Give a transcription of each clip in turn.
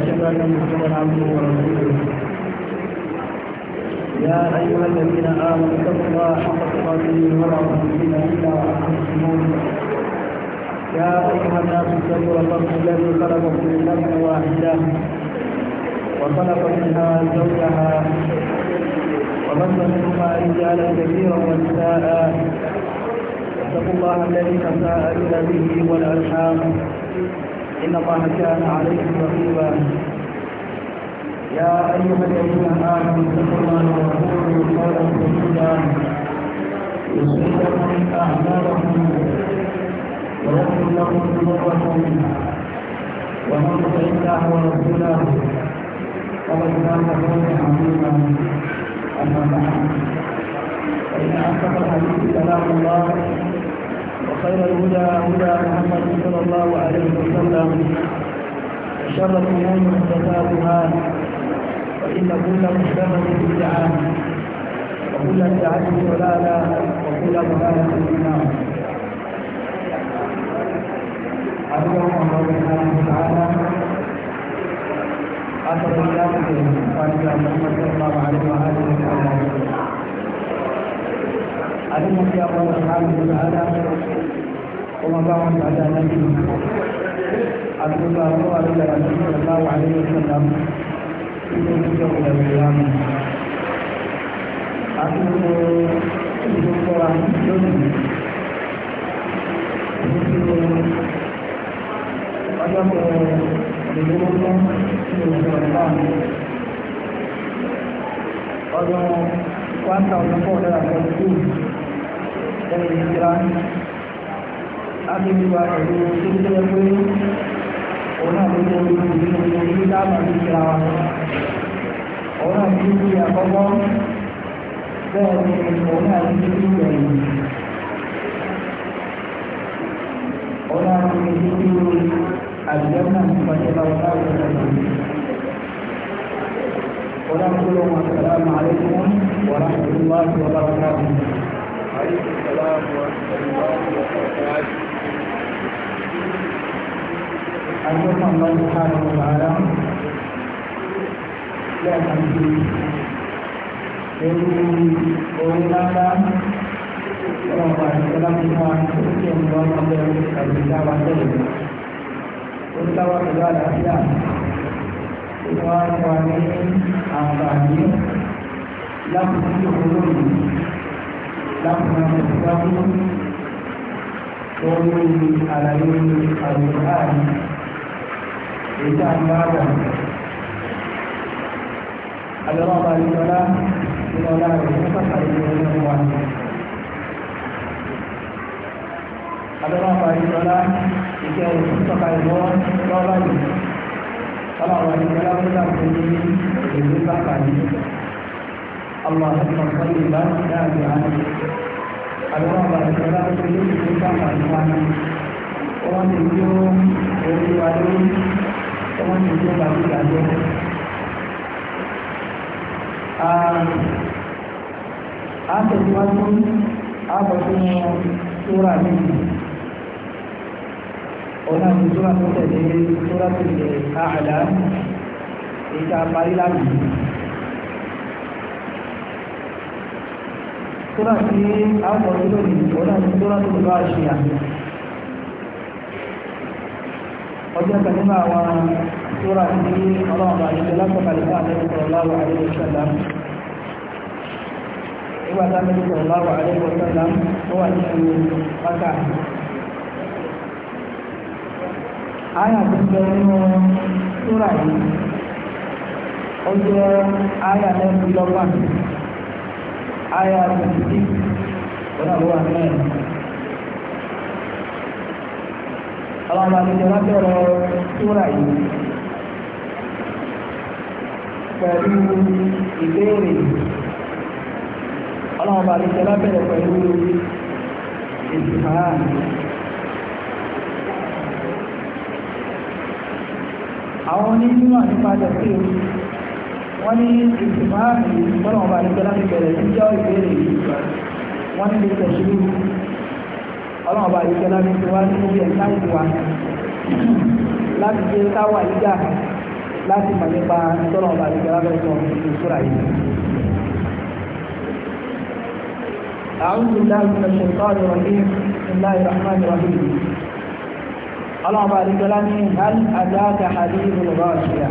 وأشهد أن محمدا عبده ورسوله يا أيها الذين آمنوا اتقوا الله حق تقاته ولا تموتن إلا وأنتم مسلمون يا أيها الناس اتقوا ربكم الذي خلقكم من نفس واحدة وخلق منها زوجها وبث منهما رجالا كثيرا ونساء اتقوا الله الذي تساءلون به والأرحام إن الله كان عليكم رقيبا يا أيها الذين آمنوا اتقوا الله وقولوا قولا سديدا يصلح لكم أعمالكم ويغفر لكم ذنوبكم ومن يطع الله ورسوله فقد كان قولا عظيما أما بعد فإن أصدق الحديث كلام الله خير الهدى هدى محمد صلى الله عليه وسلم وشر الامور محدثاتها وان كل محدثه بدعه وكل بدعه ضلاله وكل ضلاله في النار أرجو الله سبحانه وتعالى أثر الله في محمد صلى الله عليه وآله وسلم àdúgbò tí a bọ́ wọn ká pada lọ àdá ọmọ bá wọn tó àdá náà nínú àdúgbò àwọn àdúgbò àti ìjọba wà ní ìjọba nínú ìjọba ìjọba ìjọba mi. àdúgbò ìjọba wa one thousand four hundred and forty two ẹ̀yìn ìjìlá abẹ́lúwa pẹ̀lú títẹ́ pé òun náà ló jẹ́ olùdíje olùdíje dáàbà ní ìjìlá wa òun di àkọ́kọ́ bẹ́ẹ̀ ni òun náà ti di ìgbẹ̀yìn òun náà ti di àjẹ́kùn àti ìpàdé báwọn láwùjọ náà ونقول السلام عليكم ورحمة الله وبركاته عليكم السلام ورحمة الله وبركاته أرجوكم الله سبحانه وتعالى لا تنسوا إني أولى Ọlọ́pàá ìṣẹ́lá ti máa ń tó kí ọmọ ọmọdé ọdún ìgbàlódé àwọn akẹ́lẹ̀. Ó ń dáwọ́ pẹ̀lú àlàáfíà tí wọ́n ń wà ní àǹfààní lákòókò olóòrùn lákòókò ìgbàgbọ́ lórí àlàyé àlùfáàní èyí tá a ń bá wà. Àlọ́ ọba ìjọba ìjọba rẹ̀ ní pàtàkì ìjọba wà. فلا ولا ولا من بقعي اللهم صلبا تابعا اللهم صلبا من بقعي wọ́n ti jó orí wa lórí wọ́n ti jó bàbí ìdájọ́. a tẹ̀síwájú a bọ̀ sínú sóra yìí ọ̀nà ti sóra tó surat sóra tó lè káàlá èyí tá a parí láti sóra tí a ń kọ́ lónìí ọ̀nà ti sóra tó lè bá a ṣe àmì ọjọ́ sallallahu alaihi wasallam nígbà tá sallallahu alaihi wasallam buat wà nínú àyà tó jẹ nínú súrà yìí ó jẹ àyà lẹ́nu lọ́gbọ̀n àyà twenty six ọ̀nà ló wà mẹ́rin. àwọn ọmọ àti ìjọba bẹ̀rẹ̀ súrà yìí pẹ̀lú ìbéèrè ọlọ́run ọba àti pẹ̀lú ìsìnkà àwọn onímọ̀ nípa tẹ̀sí wọ́n ní ìsìnmọ́ ìgbọ́nà ọba àdúgbò láti bẹ̀rẹ̀ sí jẹ́ ìbéèrè yìí wọ́n ní lè tẹ̀sí ọlọ́run ọba àdúgbò láti fi wá nínú ẹ̀ láìsí wa láti jẹ́ káwà ìjà láti mọ̀ nípa tọ́lọ̀ ọba àdúgbò láti sọ ìṣúra yìí. أعوذ بالله من الشيطان الرجيم بسم الله الرحمن الرحيم ọlọ́ọ̀bá àdíjọlá ní hal àdáka àdíjọ lọ́ọ̀ṣíà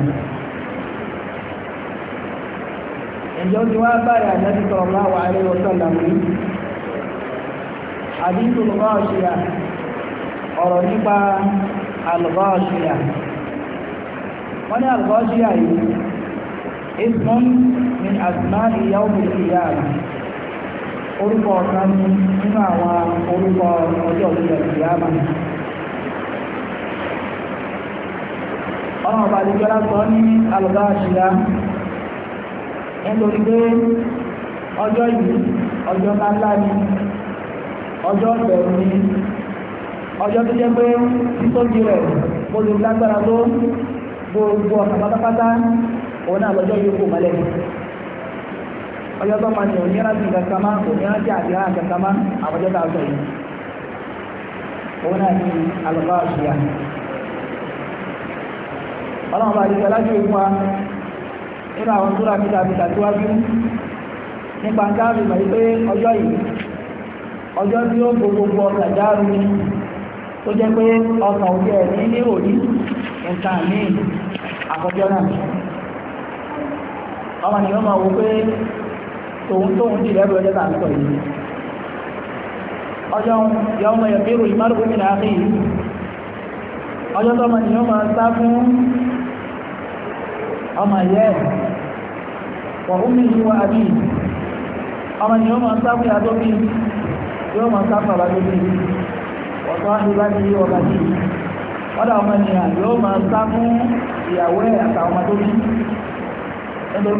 ìjọ tí wọ́n bá yà nẹ́bí sallallahu alaihi wa sallam àdíjọ lọ́ọ̀ṣíà ọ̀rọ̀ nípa alọ́ọ̀ṣíà wọ́n ní alọ́ọ̀ṣíà yìí ismun ọ̀nà ọba àdìjọ́lá sọ ní alùbá àṣìlá nítorí pé ọjọ́ yìí ọjọ́ ńlá ni ọjọ́ ọ̀bẹ̀rù ni ọjọ́ tó jẹ́ pé títóbi rẹ̀ kó lè lágbára tó gbogbo ọ̀nà pátápátá òun náà lọ́jọ́ yóò kò mọ́lẹ̀ ọjọ́ tó máa ní òmíràn sí kankanmá òmíràn sí àdìrán kankanmá àbọ̀jọ́ tá a sọ yìí òun náà ni alùbá àṣìlá ọlọ́run bá àdìsẹ́ lájú ìfún wa nínú àwọn tó rábí tàbí tàbíwájú nípa dáàbì mọ̀ pé ọjọ́ yìí ọjọ́ tí ó gbogbogbò ọ̀sà dáàbì tó jẹ́ pé ọkàn òjẹ́ ní ní òní nǹkan ní àkọjọ́ náà ọmọ tòun tóun ọjọ́ ọmọ ìyá ẹ̀ wọ̀ omi yìí wá àbí ọmọ ni yóò máa ń sáfù yàtọ̀ bí yóò máa ń sáfù àbájọ bí ọ̀tọ́ ìbá ti yí ọba bí ọ̀dà ọmọ ènìyàn yóò máa ń sáfù ìyàwó ẹ̀ àtàwọn ọmọ tó bí ẹgbẹ́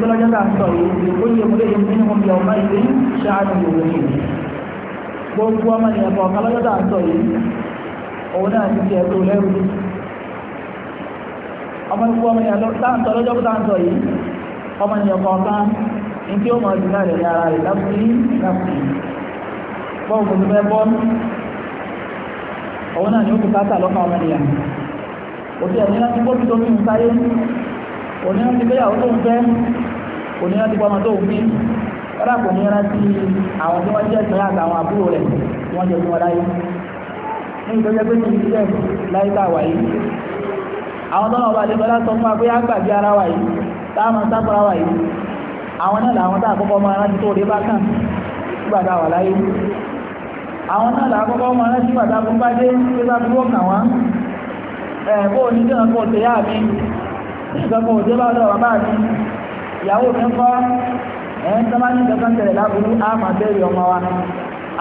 ìgbẹ́ lọ́jọ́ ọmọ ikú ọmọ ìyàn táǹtọ̀ lọ́jọ́ kó táǹtọ̀ yìí ọmọ ìyàn kọ̀ọ̀kan ní tí ó mọ̀ jù náà rẹ̀ ní ara rẹ̀ lápùtí lápùtí bọ́ọ̀ kò tó fẹ́ bọ́ òun náà ni ó kò káàtà lọ́kàn ọmọ ìyàn òtí ẹ̀ nílá ti bóbi tó fi ń sáyé òní láti gbéyàwó tó ń fẹ́ òní láti pọ́mọ tó ń fi ọ̀rá kò ní rántí àwọn tí wọ́n jẹ́ àwọn tọ́nà ọba àdébọ́lá sọ fún wa pé àgbàgbé ara wa yìí táwọn sáfara wa yìí àwọn náà làwọn tá àkọ́kọ́ máa rántí tó rí bá kàn nígbà tá a wà láyé àwọn náà làkọ́kọ́ máa rántí bàtà fún bá dé pé bá fi wọ́n wá ẹ̀ kó o ní kí nǹkan kò tẹ̀ yá mi kí nǹkan kò tẹ̀ bá lọ́wọ́ bá mi ìyàwó mi ń kọ́ ẹ̀ ń sábà ní kankan tẹ̀lẹ̀ láburú á máa bẹ̀rẹ̀ ọmọ wa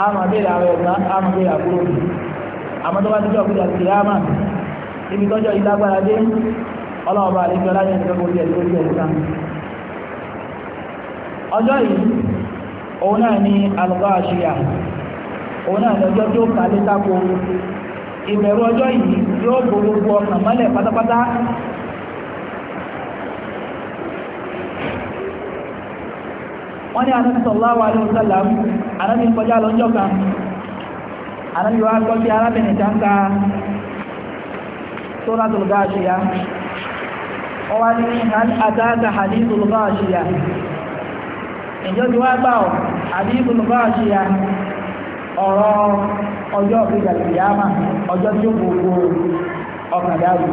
á máa bẹ̀rẹ̀ àwọn ẹ̀gbọ́n á máa bẹ̀rẹ̀ àbúrò ibi tọ́jọ́ ìlágbára dé ọlọ́ọ̀bá àlejò aláyẹ̀ ìjọba orí ẹ̀dọ́ orí ẹ̀dọ́ ọjọ́ yìí òun náà ni alùgbà àṣìyà òun náà lọ́jọ́ tó kà lé sáko ìbẹ̀rù ọjọ́ yìí yóò bo gbogbo ọkàn mọ́lẹ̀ pátápátá wọ́n ní anábì sallallahu alaihi wasallam anábì kọjá lọ́jọ́ kan anábì wá gbọ́ sí arábìnrin tá ń ka suratul ghashiya ọwá ní hàn àtàkà hadithul ghashiya ìjọ ti wá gbà ọ́ hadithul ghashiya ọ̀rọ̀ ọjọ́ ìgbàlùyàmà ọjọ́ tí ó gbogbo ọkàdáwì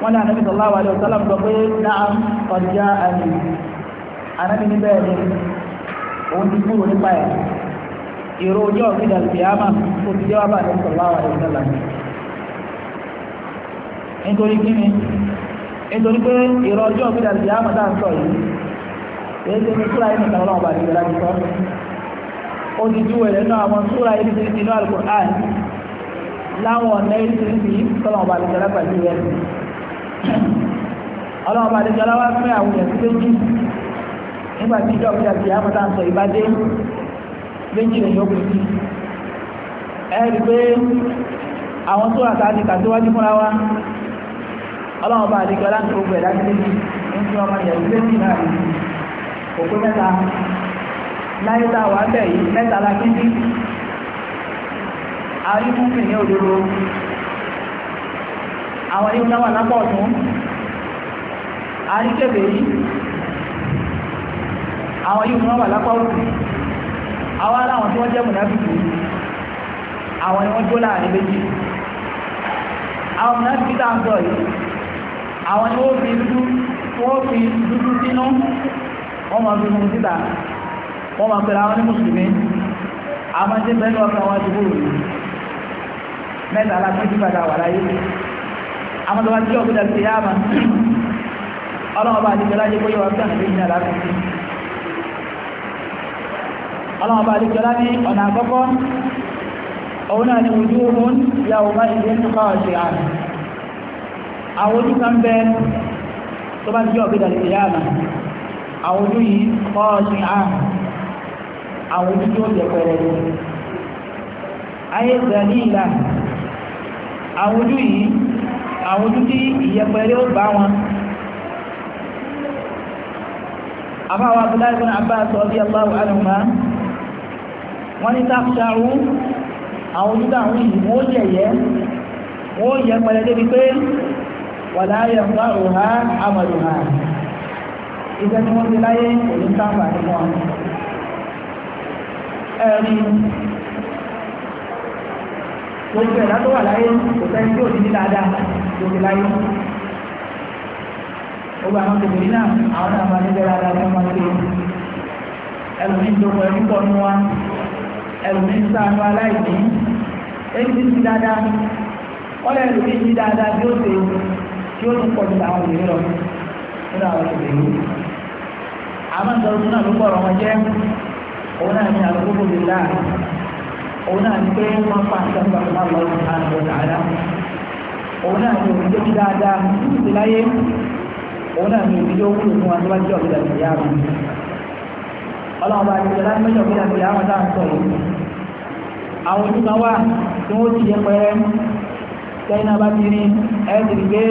wọ́n ní ànábì sallallahu alaihi wasallam sọ pé na'am qad ja'ani ànábì ní bẹ́ẹ̀ ni òun ti kúrò nípa ẹ̀ ìró ọjọ́ ìgbàlùyàmà sallallahu alaihi wasallam nítorí kíni nítorí pé ìrọ̀ ọjọ́ ògbéra ti àmọ́ tá à ń sọ yìí èyí ti ní súra yìí nìkan ọlọ́run bá ti gbẹ̀rẹ̀ ti sọ ó ti ju ẹ̀rẹ̀ náà àwọn súra yìí ti ti inú Al-Qur'an láwọn ọ̀nà yìí ti ti sọ́lọ́run bá ti gbẹ̀rẹ̀ pẹ̀lú rẹ̀ ọlọ́run bá ti gbẹ̀rẹ̀ wá fún àwọn èèyàn sí méjì nígbà tí ìjọ ògbéra ti àmọ́ tá à ń sọ yìí bá dé méjì lè yóò pè sí ẹ̀rí pé àwọn súra tá a ti kà síwájú fúnra wa ọlọ́run bá àdéjọ láti gbogbo ẹ̀ láti méjì ń fi ọmọ ìyàwó méjì náà rí òpó mẹ́ta láyé tá a wà bẹ̀ yìí mẹ́ta la kí ní arímúfin ní òdodo àwọn ní wọ́n wà lápá ọ̀tún aríkébè yìí àwọn yìí wọ́n wà lápá òtún àwọn aláwọn tí wọ́n jẹ́ mùnáfíkì àwọn ni wọ́n jó láàrin méjì àwọn mùnáfíkì tá à ń sọ yìí àwọn ni ó fi dúdú wọ́n fi dúdú sínú wọ́n ma fi fún síta wọ́n máa pẹ̀lú àwọn ní mùsùlùmí àwọn máa ti bẹ́ẹ̀ lọ́kàn wọn ti búrò yìí mẹ́ta alákìtì padà wà láyé àwọn tó bá tí ọ̀gbìn àti ìyá àmà ọlọ́wọ́ bá láyé bóyá ọlọ́wọ́ bá ọ̀nà àkọ́kọ́ òun náà ni ojú ogun yàwó bá àwọn ojú kan bẹ tó bá ti jẹ́ ọ̀gbẹ́dà lè yáàmà àwọn ojú yìí kọ́ọ̀sì ààrùn àwọn ojú tí ó jẹ pẹ̀rẹ̀ ayé zẹ̀lì ìlà àwọn ojú yìí àwọn ojú tí ìyẹpẹ̀rẹ̀ ó bá wọn àbáwọn abúláyé fún Abbas radiyallahu anhuma wọ́n ní sáfíṣàrú àwọn ojú táwọn yìí wọ́n yẹ̀yẹ́ débi pé wàlá yẹ̀ǹgbà òhà àmàlù hà iṣẹ́ tí wọ́n ti láyé òní sáfà ní wọn. ẹ̀rí gbogbo ẹ̀dá tó wà láyé kò sẹ́ni tí ò ní ní dáadáa tó ti láyé. gbogbo àwọn kòkòrò náà àwọn náà máa ní bẹ́ẹ̀ dáadáa tó máa ṣe ẹlòmíín tó kọ ẹbí pọ̀ nù wa ẹlòmíín sáfà aláìní ẹni tí ti dáadáa wọ́n lẹ́nu ní dáadáa bí ó ṣe tí ó tún pọ̀ ju àwọn obìnrin lọ nínú àwọn obìnrin àmọ́ ìjọba tó náà ló gbọ́rọ̀ wọn jẹ́ òun náà ní àlùkòkò lè dá òun náà ní pé wọ́n pa nǹkan tó bá lọ sí àlùkò tààdá òun náà ní òun tó ti dáadáa títí láyé òun náà ní òun tó wúlò fún wa tó bá jẹ́ ọ̀gbẹ́dà tó yá ọlọ́run bá ti sọ̀rọ̀ mẹ́jọ ọ̀gbẹ́dà tó yá wọn dáhùn sọ̀rọ̀ tẹ́yìn bá ti rí ẹ̀ẹ́dìrì pé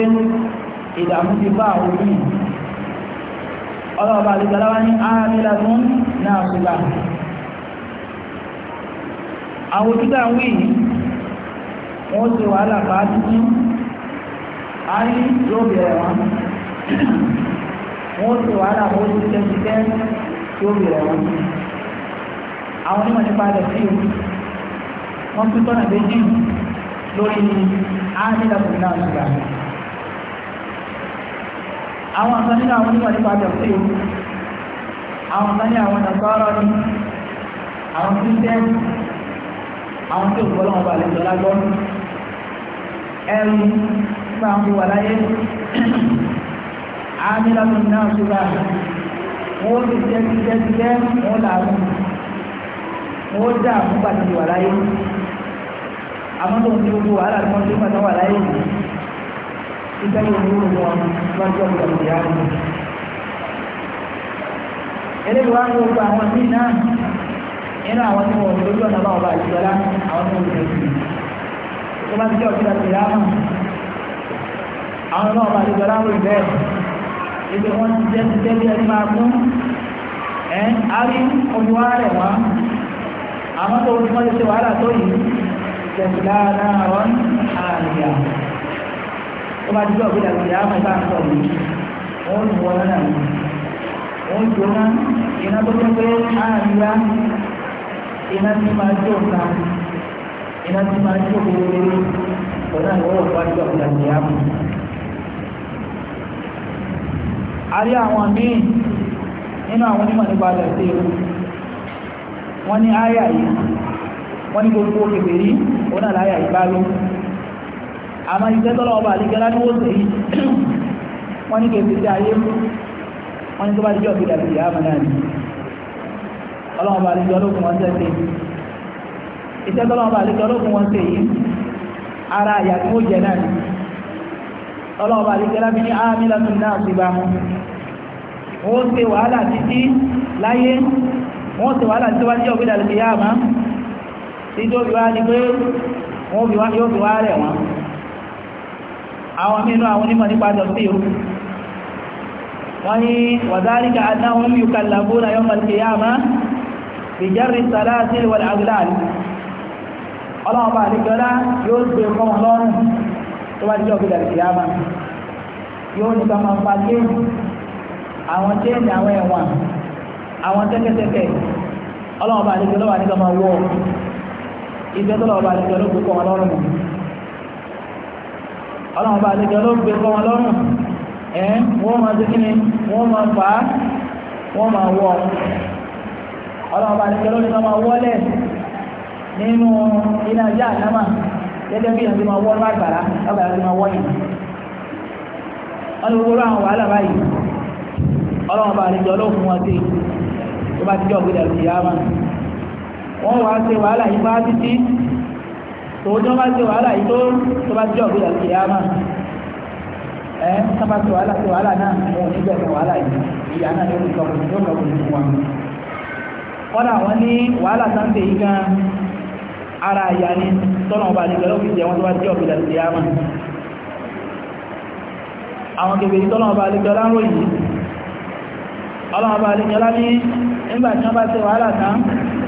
ìdààmú ti bá àwọn orí ọlọ́ọ̀bá àdìgbàláwá ní ààrẹ́lá tún náà ṣùgbà àwọn òtútà ń wí wọ́n ti wàhálà bá títí ayé yóò bẹ̀rẹ̀ wọn wọ́n ti wàhálà bó ti tẹ́tẹ́ yóò bẹ̀rẹ̀ wọn àwọn onímọ̀ nípa rẹ̀ sí wọ́n tún tọ́nà méjì lórí áàdìdàkùn náà ṣùgbà àwọn ọ̀sán nínú àwọn onímọ̀ nípa àjọ̀sí àwọn ọ̀sán ní àwọn nàṣọ́rọ̀ ni àwọn christian àwọn tí òkú ọlọ́wọ́ bá lè jọ lágbọ́ ẹrù nípa àwọn ìwà láyé áàdìdàkùn náà ṣùgbà wọ́n ti jẹ́ ti jẹ́ ti jẹ́ wọ́n làágùn wọ́n dà fún pàtàkì wà láyé àmọ́ tó ń tí gbogbo wàhálà tí wọ́n ti ń pàtàkì wà láyé yìí iṣẹ́ yóò ní orúkọ wọn lọ́jọ́ ìgbàlódé ààrẹ eléyìí wá ń gbogbo àwọn míì náà nínú àwọn tí wọn lójú ọ̀nà bá ọba ìjọlá àwọn tí wọn lè fi tó bá ti jẹ́ ọ̀kí láti rá mọ̀ àwọn ọba ọba ìjọlá ń rìn bẹ́ẹ̀ ibi wọn ti jẹ́ ti jẹ́ bí ẹni máa kún ẹ́ á rí omi wá rẹ̀ wá àwọn tó ń tí wọ́n ti ṣe tẹ̀lá náírọ̀n àríyá ó bá dídọ̀ bí dàgbé yàrá mẹ́ta ń sọ̀rọ̀ wọ́n ń wọ́n náà wọ́n ń jóná iná tó jẹ́ pé àríyá iná tí máa jó nǹka iná tí máa jó kékeré ọ̀nà ìwọ́wọ́ àwọn míì nínú àwọn onímọ̀ nípa àgbà sí wọ́n ní áyà yìí wọ́n ní gbogbo kèfè rí òun náà láyà ìbáyó àmọ́ iṣẹ́ tọ́lọ́ ọba àlíkẹ́ ládúgbò sẹ́yìn wọ́n ní kèfè sí ayé wọ́n ní tó bá dijọ́ ìgbìyà ìyá àmà náà ni ọlọ́run ọba àlíkẹ́ ológun wọn sẹ́sẹ́ iṣẹ́ tọ́lọ́ ọba àlíkẹ́ ológun wọn sẹ́yìn ara àyà tí ó jẹ náà ni ọlọ́run ní ámì lánàá náà ti bá nítorí wá ní pé wọ́n fi wá yóò fi wá rẹ̀ wọ́n àwọn mínú àwọn onímọ̀ nípa tọ̀síò wọ́n ni wàzáríkà adáhùn yóò kàlàbó na yọ́ malkiyama ìjẹ́rì sàlásí wà láàrín ọlọ́ọ̀bá àríkọ́lá yóò gbé e fún ọlọ́run tó wá jọ gbé kiyama yóò ní kama ń pàdé àwọn tẹ́ẹ̀nì àwọn ẹ̀wọ̀n àwọn tẹ́kẹ́tẹ́kẹ́ ọlọ́ọ̀bá iṣẹ́ tó lọ́wọ́ bá lè jọ ló gbé kọ́ wọn lọ́rùn ọlọ́wọ́ bá lè jọ ló gbé kọ́ wọn lọ́rùn ẹ̀ wọ́n máa ṣe kíni wọ́n máa fà á wọ́n máa wọ̀ ọlọ́wọ́ bá lè jọ ló ní máa wọ́lẹ̀ nínú iná ajá àlámà gẹ́gẹ́ bí ìyànjú máa wọ́ ní àgbàrá ti máa wọ́ yìí wọ́n wá ṣe wàhálà yìí bá títí tòójọ́ bá ṣe wàhálà yìí tó tó bá jẹ́ ọ̀gbìn àti ìyá máa sábà ṣe wàhálà ṣe wàhálà náà wọn ò ní wàhálà yìí ìyá náà yóò kọ̀ yóò ara ìyá ni tọ́nà ọba àti ìjọba òfin jẹ́ wọn tó bá jẹ́ ọ̀gbìn àti àwọn kèbèrè tọ́nà ọba nígbà tí wọ́n bá ṣe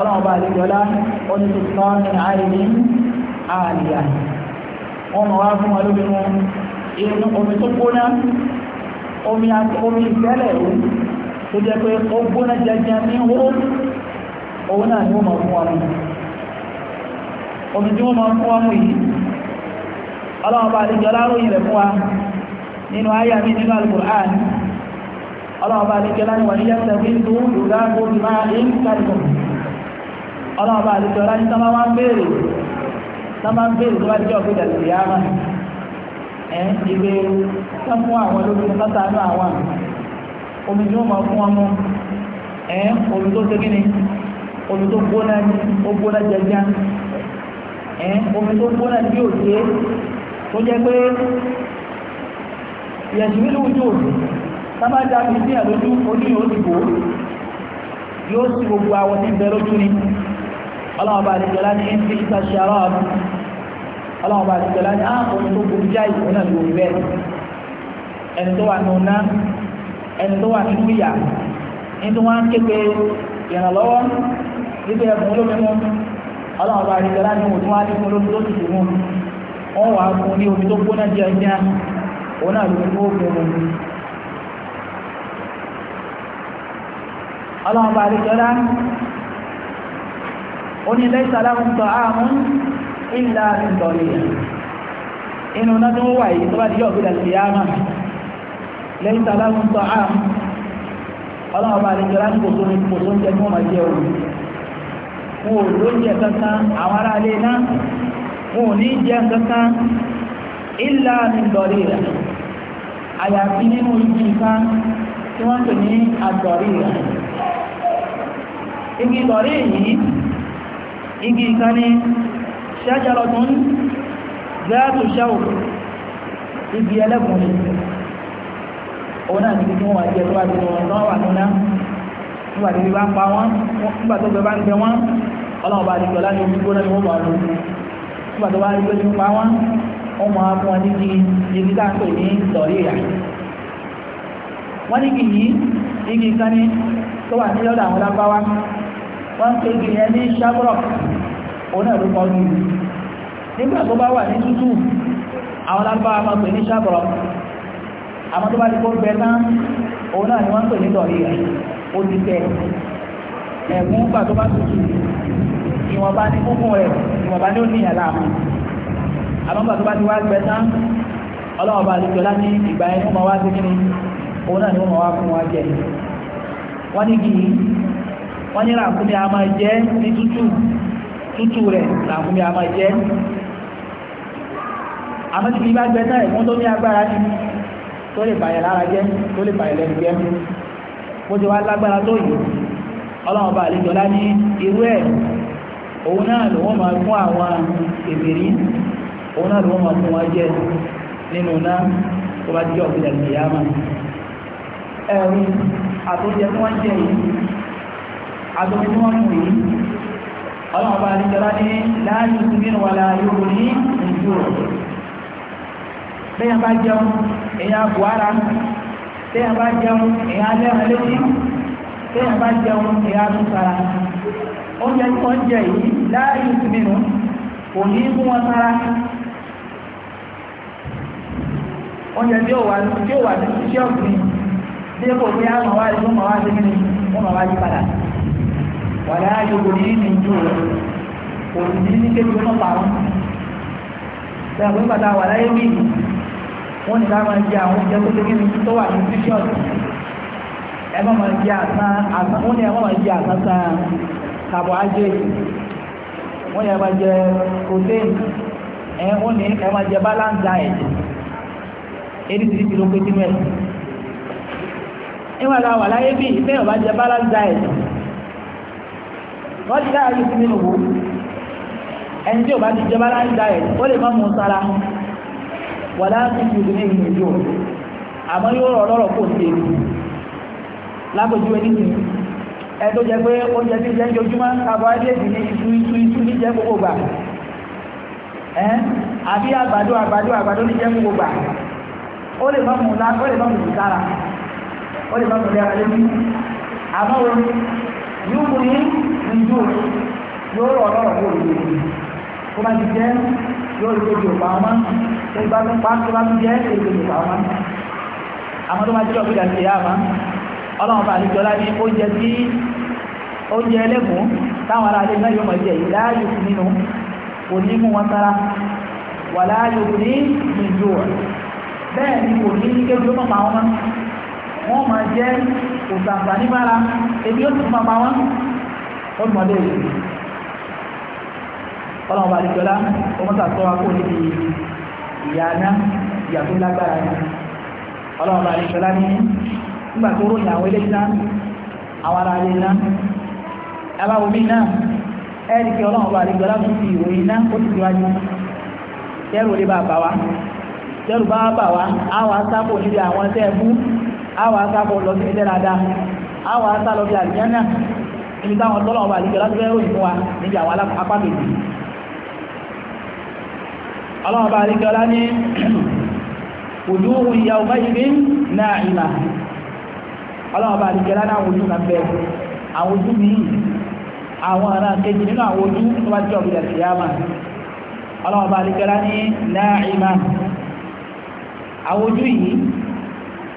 ọlọ́run bá àlejòlá ó ní tuntun ní àìní àlìyà wọ́n mọ̀ wá fún wọn lómi wọn inú omi tó gbóná omi omi ìfẹ́lẹ̀ o tó jẹ́ pé ó gbóná jẹjẹ ní hó òun náà ni wọ́n mọ̀ fún wọn omi tí wọ́n mọ̀ fún wọn yìí ọlọ́run bá àlejòlá rẹ̀ fún wa nínú ayé mi nínú alukur'an ọlọ́run bá àlejòlá wà ní yẹ́sẹ̀ wíńdù yorùbá gbòmìnira ìkàlùkùn ọlọ́ọ̀bá àlejọ́lá ní sábà máa ń béèrè sábà ń béèrè tó bá jẹ́ ọ̀gbẹ́dà sí yára ẹ̀ ìgbé sá fún àwọn olóbìnrin sátánú àwọn omi tí wọ́n máa fún wọn mú ẹ̀ omi tó ṣe kíni omi tó gbóná ó gbóná jẹjá ẹ̀ omi tó gbóná bí òjé tó jẹ́ pé yẹ̀sùmílù ojú òjò sábà dá mi sí àlójú oníyàn òdìbò yóò sì gbogbo àwọn tí ń bẹ lójú ni ọlọ́wọ́n bá àdìjọ́lá ní ẹ̀ńtí ìta ṣàrọ́ ọ̀nà ọlọ́wọ́n bá àdìjọ́lá ní àwọn ah, tó burú já ìwé náà ló rí bẹ́ẹ̀ ẹni tó wà nù ná ẹni tó wà nínú ìyà ní tó wá ń ké pé ìrànlọ́wọ́ níbi ẹ̀bùn olómìnú ọlọ́wọ́n bá oní lẹ́sà láwọn tọ́ ààmú ìlà ìtọ̀lẹ̀ inú náà tó wà yìí tó bá díjọ́ òbílẹ̀ sí yáàmà lẹ́sà láwọn tọ́ ààmú ọlọ́ọ̀bá àlejò láti kòtò ní kòtò ń jẹ fún ọmọ jẹ òun wọn ò lóúnjẹ kankan àwọn ará ilé náà wọn ò ní jẹ kankan ìlà ìtọ̀lẹ̀ àyàfi nínú ibi kan tí wọ́n pè ní àtọ̀lẹ̀ igi ìtọ̀lẹ̀ yìí igi kan ní ṣájárọ̀tún gáàtù ṣáò igi ẹlẹ́gùn ní òun náà ti kí wọ́n wà jẹ́ tó wà nínú ọ̀nà wà nínú nígbà tí bá pa wọ́n nígbà tó bá ń bẹ wọ́n ọlọ́run bá dìgbọ́ láti omi gbóná ni wọ́n bá lò nígbà tó bá rí pé ti pa wọ́n wọ́n mọ̀ á fún wọn ní ti tá à ń pè ní lọ́rí ìyá wọ́n ní kì í kan ní tó wà ní lọ́dọ̀ àwọn lábáwá wọ́n pè gbìn yẹn ní ṣàbùrọ̀ òun náà ló kọ́ ní nígbà tó bá wà ní tútù àwọn lábá máa pè ní ṣàbùrọ̀ àmọ́ tó bá ti kó bẹ tán òun náà ni wọ́n pè ní dọ̀rí rẹ̀ ó ti tẹ̀ ẹ̀mú gbà tó bá tútù ìwọ̀nba ní kúkún rẹ̀ ìwọ̀nba ní ó ní ìyàlá àmọ́ àmọ́ gbà tó bá ti wá gbẹ tán ọlọ́wọ́ bá lójọ láti ìgbà ẹni wọ́n wá sí kí wọ́n ní ràkúnmí a máa jẹ́ ní tútù tútù rẹ̀ ràkúnmí a máa jẹ́ àmọ́ tí bá gbẹ náà tó ní agbára ní tó lè bàyẹ̀ lára jẹ́ tó lè bàyẹ̀ lẹ́nu jẹ́ ọla ti wá lágbára tó yìí ọlọ́run àlejò irú ẹ̀ òun náà wọ́n máa fún àwọn èbèrí òun náà ló wọ́n máa fún wọn nínú àtòmí tí wọ́n mú yìí ọlọ́run bá ní jọba ní láàyè ìsinmi wà láàyè òun ní ìjọ lẹ́yìn bá jẹun èèyàn bù ara lẹ́yìn bá jẹun èèyàn lẹ́ràn létí lẹ́yìn bá jẹun èèyàn tún sara oúnjẹ tí ó wà tí ó wà tí ó gbìn tí a mọ̀ wá ìlú mọ̀ wá sí kí ni wọ́n padà wàlẹ́ ayòkò ní ní ìjọ rẹ̀ kò ní ní kébi wọn pa wọn ṣe àwọn ìgbàta wà láyé wí yìí wọn ní ká máa jẹ àwọn oúnjẹ tó ṣe kí ni tó wà ní fíṣọ̀t ẹ má máa jẹ àsán àsán wọn ní ẹ má máa jẹ àsán sàn carbohydrate wọn ní ẹ máa jẹ protein ẹ wọn ní ẹ máa jẹ balance diet èdè tí ti ló pé sínú ẹ. ìwà la wà láyé bí ìfẹ́ ọ̀bá jẹ balance diet. wọ́n ti láàá yìí nínú wo ẹni tí ò bá ti jẹba láti dáyẹ̀ ó lè mú sára wà láti fi ìjọ àmọ́ yóò rọ̀ lọ́rọ̀ kò sí ẹni sí tó jẹ pé ní ní jẹ́ gbogbo gbà àbí àgbàdo àgbàdo àgbàdo ní jẹ́ gbogbo gbà ó lè yóò mú ní ìjọ yóò rọ̀ lọ́rọ̀ yóò rí omi tó bá ti jẹ́ yóò rí ojú ọ̀pá ọmọ tó bá ti pa tó bá ti jẹ́ ojú ọ̀pá ọmọ àmọ́ tó bá ti lọ gbé dàgbé yá àmọ́ ọlọ́run bá àlejò ọlá ní oúnjẹ tí oúnjẹ ẹlẹ́gùn táwọn ará alẹ́ náà yóò mọ̀ jẹ́ ìdáyò nínú òní mú wọn sára wà láàyò ní ìjọ bẹ́ẹ̀ ni kò ní kéjọ́ mọ̀ wọ́n máa jẹ́ òṣàǹfà ní bára ebi ó ti máa bá wọn ó ti mọ̀lẹ́ yìí ọlọ́run bá dìjọ́lá ọmọ tà sọ́ra kó níbi ìyá aná ìyá tó lágbára ni ọlọ́run bá dìjọ́lá ní nígbà tó ròyìn àwọn eléyìí náà àwọn ará ilé náà aláwo mi náà ẹ̀ẹ́dì kí ọlọ́run bá dìjọ́lá tó fi ìròyìn náà ó ti di wájú kẹ́rù lè bá bà wá kẹ́rù bá bà wá àwọn níbi àwọn tẹ́ẹ̀kú àwọn asábọ̀ lọ sí ilé dáadáa àwọn asá lọ sí àlùjánnà níbi táwọn tọ́lọ̀ ọba àlùjọ láti fẹ́ òyìnbó wa níbi àwọn apá kejì ọlọ́run ọba àlùjọ lá ní ojú ìyá ọba ìgbé náà ìmà ọlọ́run ọba àlùjọ lá náà ojú kan bẹ́ẹ̀ àwọn ojú mi àwọn ará kejì nínú àwọn ojú tó bá jọ ìyà sí àmà ọlọ́run ọba àlùjọ lá ní náà ìmà àwọn ojú yìí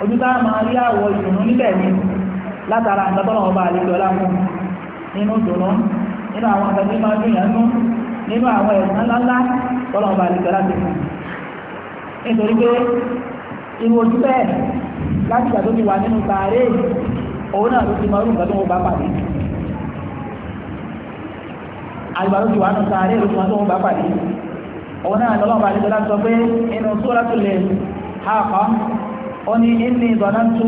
ojú tá a máa rí àwọ̀ ìdùnnú níbẹ̀ ni látara nǹkan tọ́nà ọba àlejò ọlámú nínú ìdùnnú nínú àwọn nǹkan tí máa dùn yẹn nú nínú àwọn ẹ̀sán ńláńlá tọ́nà ọba àlejò ọlámú nítorí pé irú ojú bẹ́ẹ̀ láti ìgbà tó ti wà nínú sàárè òun náà ló ti máa rú nǹkan tó ń bá pàdé àgbà ló ti wà nínú sàárè ló ti máa tó ń bá pàdé òun náà lọ́wọ́ bá àlejò ọlámú sọ pé inú sóràtúlẹ̀ háàkọ́ ó ní ilé ìdọ̀nàtú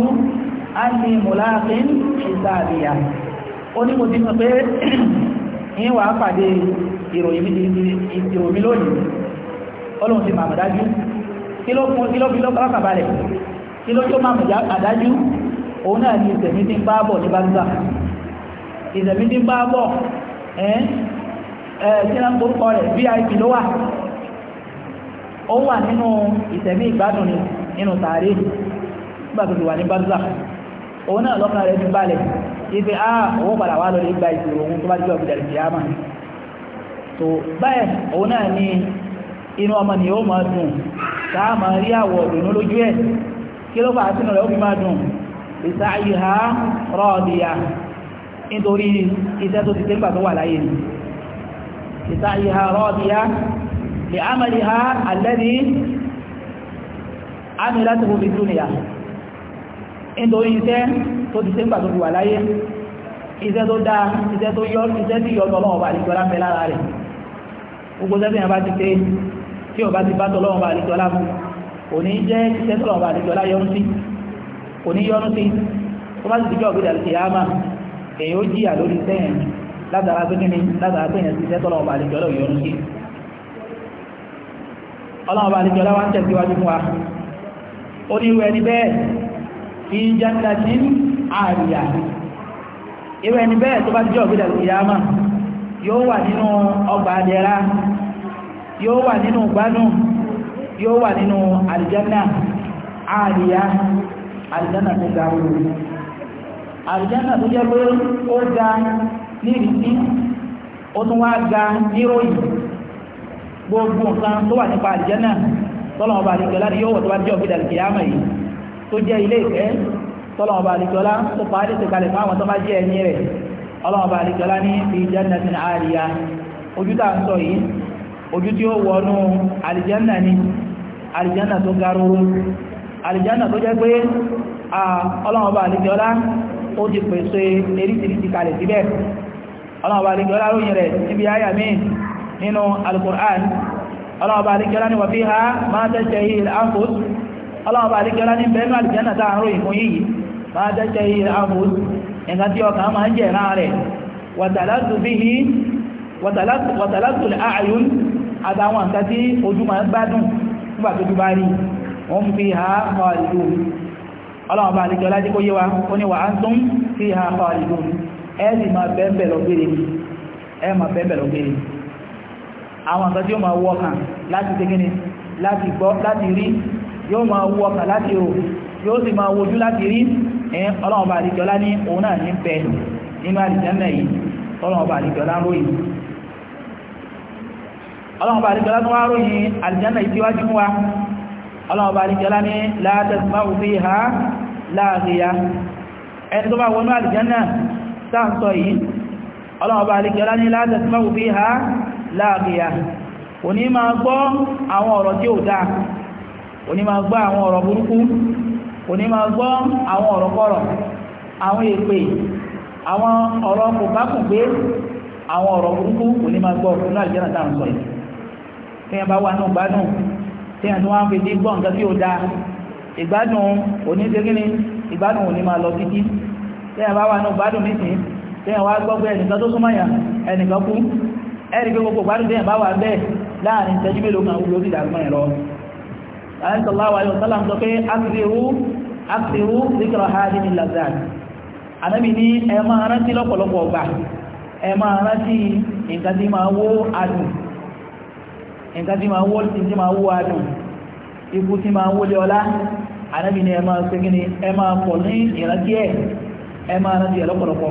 á ní mùláàfin ìsáàbíyà ó ní mo ti sọ pé ìyẹn wà á o mi lónìí ọlọ́run ti màmù dájú kí ló fún kí ló ka lọ́kọ́ lọ́kàbalẹ̀ kí ló tó ni vip ó wà nínú ìtẹ̀mí ìgbádùn ni nínú tààrí nígbà wà ní barza òun náà lọ́kàn rẹ̀ ti ibi a owó padà wà lórí ìgbà ìṣòro ohun tó bá jọ ìdàrí ti àmà so báyẹ̀ òun náà ni inú ọmọ ni ó máa dùn sáà máa rí àwọ̀ ìdùnnú lójú ẹ̀ kí ló bá sínú rẹ̀ ó fi máa dùn rọ́ọ̀dìyà nítorí tó ti tẹ́ لعملها الذي عملته في الدنيا إن دو إنسان تو تسمى تقوى عليه iṣẹ́ tó dáa iṣẹ́ tó yọ iṣẹ́ tí yọ tọ́lọ́wọ́ bá àlejò ọlá ń bẹ lára rẹ̀ gbogbo iṣẹ́ tí yẹn bá ti ṣe tí yóò bá ti bá tọ́lọ́wọ́ bá àlejò ọlá mu kò ní jẹ́ iṣẹ́ tọ́lọ́wọ́ bá àlejò ọlá yọnu sí kò ní yọnu sí tó bá sì ti jọ ògbédà lè yá mà èyí ó jìyà lórí iṣẹ́ yẹn látara pé kíni látara pé yẹn ti iṣẹ́ tọ́lọ́wọ́ bá àlejò ọlá yọnu sí ọlọ́ọ̀bá àlejọ́lá wá ń tẹ̀síwájú fún wa ó ní ìwẹ̀ ni bẹ́ẹ̀ fi jẹ́ta sí àríyà ìwẹ̀ ni bẹ́ẹ̀ tó bá jọ ògbé dàgbìyàmà yóò wà nínú ọgbà àdẹ́ra yóò wà nínú gbanú yóò wà nínú àlìjánà àríyá gbogbo nǹkan tó wà nípa àlìjẹ́nà tọ́lọ̀ọba àlìjọ́lá ni yóò wọ̀ tó bá jẹ́ òfin àlìkìyàmọ̀ yìí tó jẹ́ ilé ìfẹ́ tọ́lọ̀ọba àlìjọ́lá tó pa á lè ṣèkalẹ̀ fún àwọn tó bá jẹ́ ẹni rẹ̀ ọlọ́ọba àlìjọ́lá ní fi jẹ́nà sí àríyá ojú tá à ń sọ yìí ojú tí ó wọnú àlìjẹ́nà ni àlìjẹ́nà tó garoro àlìjẹ́nà tó jẹ́ pé ọlọ́ọba àlìjọ́lá ó nínú al-Qur'an ọlọ́ọ̀bá alikẹ́lá ní wàfí ha máa tẹ́ṣẹ́ yìí al-anfus ọlọ́ọ̀bá alikẹ́lá ní bẹ́ẹ̀nù alìjẹ́nà tàà rò ìfún yìí máa tẹ́ṣẹ́ yìí al-anfus ẹ̀ka tí ọkà máa ń jẹ̀rán rẹ̀ wàtàlátù ààyùn àtàwọn nǹkan tí ojú máa gbádùn nígbà tó dúbá rí wọ́n fi ha khalidun ọlọ́ọ̀bá alikẹ́lá tí àwọn nǹkan tí ó máa wọ́kàn láti tegini láti gbọ́ láti rí yóò máa wọ́kàn láti rò yóò sì máa wojú láti rí ẹ̀ ọlọ́run bá àdìjọ́lá ní òun náà ní bẹ nínú àdìjọ́nà yìí ọlọ́run bá àdìjọ́lá ń ròyìn ọlọ́run bá àdìjọ́lá tó wá ròyìn àdìjọ́nà yìí tíwájú fún wa ọlọ́run ẹni tó bá wọnú àdìjọ́nà sáà ń sọ yìí ọlọ́run bá àdìjọ́lá ní la tasma'u fiha láàbíyà òní máa gbọ́ àwọn ọ̀rọ̀ tí ó dáa òní máa gbọ́ àwọn ọ̀rọ̀ burúkú òní máa gbọ́ àwọn ọ̀rọ̀ kọ̀rọ̀ àwọn èpè àwọn ọ̀rọ̀ kò bá kù gbé àwọn ọ̀rọ̀ burúkú òní máa gbọ́ ọ̀rọ̀ náà jẹ́nà táwọn sọ yìí tí wọ́n bá wà nù gbádùn tí wọ́n wá ń fi dí gbọ́ nǹkan tí ó dáa ìgbádùn òní ṣe kí ni tó súnmọ́ yà ẹnìkan kú ẹ̀rí pé gbogbo gbádùn tẹ́yàn bá wà bẹ́ẹ̀ láàrin tẹ́jú mélòó kan olórí ìdàgbọ́n ẹ̀rọ sallallahu alaihi wasallam sọ pé akìrìrú akìrìrú zikra hadin lazat anábì ní ẹ máa rántí lọ́pọ̀lọpọ̀ tí máa wó wó lé ọlá anábì ní ṣe kí ni pọ̀ ní ìrántí ẹ ẹ rántí ẹ lọ́pọ̀lọpọ̀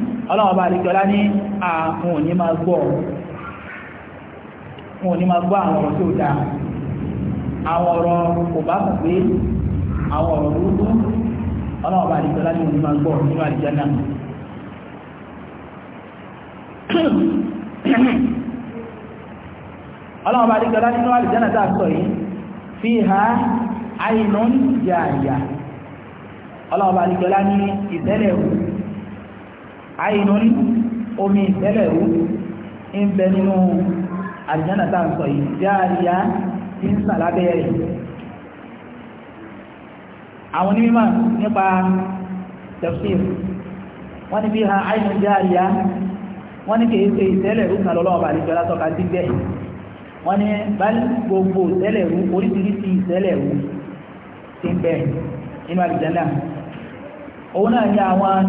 ọlọ́wọ́ bá àríkọlá ní àwọn òní máa gbọ́ àwọn ọ̀rọ̀ tí ó dáa àwọn ọ̀rọ̀ kò bá kù pé àwọn ọ̀rọ̀ burúkú ọlọ́wọ́ bá àríkọlá ní òní máa gbọ́ nínú àlùjánnà ọlọ́wọ́ bá àríkọlá nínú àlùjánnà tá a sọ yìí fiha aynun jariya ọlọ́wọ́ bá àríkọlá ní ìtẹ́lẹ̀ òkú àìnún omi ìtẹ́lẹ̀rú ń bẹ nínú àjánà tá ń sọ yìí tí ń sàn lábẹ́ rẹ̀ àwọn onímọ̀ nípa wọ́n ní bí ha àìnún jáàríyá wọ́n ní kìí ṣe ìtẹ́lẹ̀rú kan ọba àlejò alátọ́ka bẹ́ẹ̀ wọ́n ní báyìí gbogbo ìtẹ́lẹ̀rú oríṣiríṣi ìtẹ́lẹ̀rú ti ń nínú àjánà òun náà ní àwọn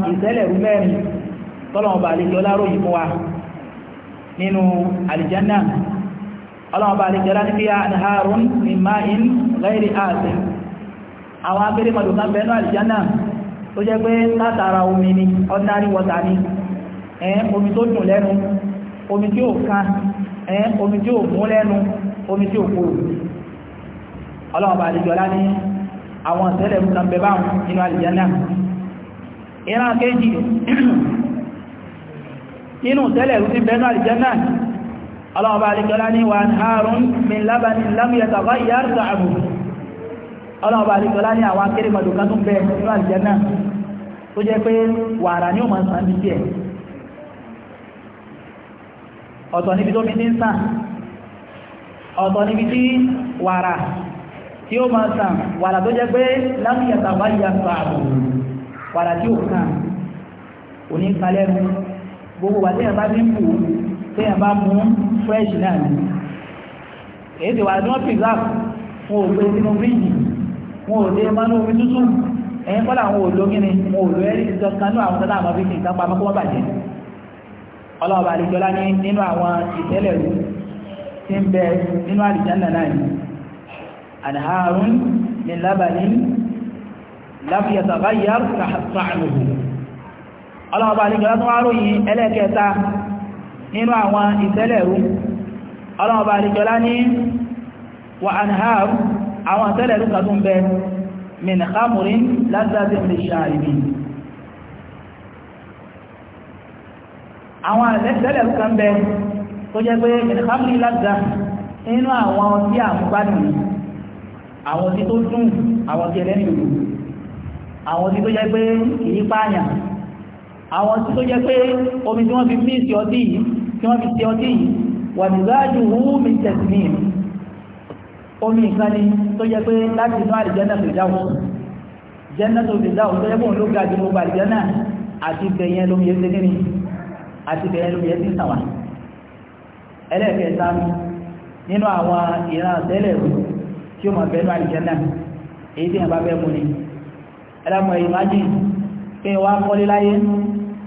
tọ́lọ́wọ́n bá àlejò ọláró yìí fún wa nínú àlìjánà ọlọ́wọ́n bá àlejò ọlá ní bí anharun min ma'in ghairi asin àwọn abẹ́rẹ́ mọ̀lùkán bẹ̀ẹ́nú àlìjánà tó jẹ́ pé látara omi ni ordinary water ni omi tó dùn lẹ́nu omi tí ó kan omi tí ó mú lẹ́nu omi tí ó kúrò ọlọ́wọ́n bá àlejò ọlá ní àwọn inú tẹ́lẹ̀ rú ní bẹnu àlìjẹ́nà ọlọ́ọ̀bá àlìkọ́lá ní wà àrùn min lábàní lámúyẹta wáyé àrùsà àbù ọlọ́ọ̀bá àlìkọ́lá ní àwọn akéré mọ̀dùká tún bẹ nínú àlìjẹ́nà tó jẹ́ pé wàrà ní òmà sàn bí díẹ̀ ọ̀tọ̀ níbi tó mi ní sàn ọ̀tọ̀ gbogbo wa téèyàn bá ní kù téèyàn bá mú fresh náà ni èyí tí wà ní wọ́n preserve wọn ò gbé sínú fíjì wọn ò dé mọ́nú omi tútù ẹ̀yìn kọ́lá àwọn òòlò gíní wọn ò lọ ẹ̀rí ìjọ kanú àwọn tọ́lá àwọn fíjì ìta pamọ́ kó bàjẹ́ ọlọ́ọ̀bà àlejọ́lá ní nínú àwọn ìtẹ́lẹ̀ rú tí ń bẹ nínú àlìjánà náà ni àdáhàrún ní lábàní lábìyàtàbáyà sàánù ọlọ́ọ̀bá ní kẹta tó wá ròyìn ẹlẹ́ẹ̀kẹta nínú àwọn ìtẹ́lẹ̀rú ọlọ́ọ̀bá ní kẹta ní wà anhar àwọn ìtẹ́lẹ̀rú kàtún bẹ min khamurin lazzatin lisharibin àwọn ìtẹ́lẹ̀rú kan bẹ tó jẹ́ pé min khamurin lazza nínú àwọn ọtí àmúgbádùn àwọn ọtí àwọn tí tó jẹ́ pé omi tí wọ́n fi mí sí ọtí yìí tí wọ́n fi sí ọtí yìí wà nígbàájú wúwú mi tẹ̀sí ní omi nǹkan ni tó jẹ́ pé láti inú àlìjẹ́nà tó dáwọ́ jẹ́nà tó fi dáwọ́ tó jẹ́ pé òun ló ga ju gbogbo àlìjẹ́nà àti bẹ̀yẹn lómi àti bẹ̀yẹn lómi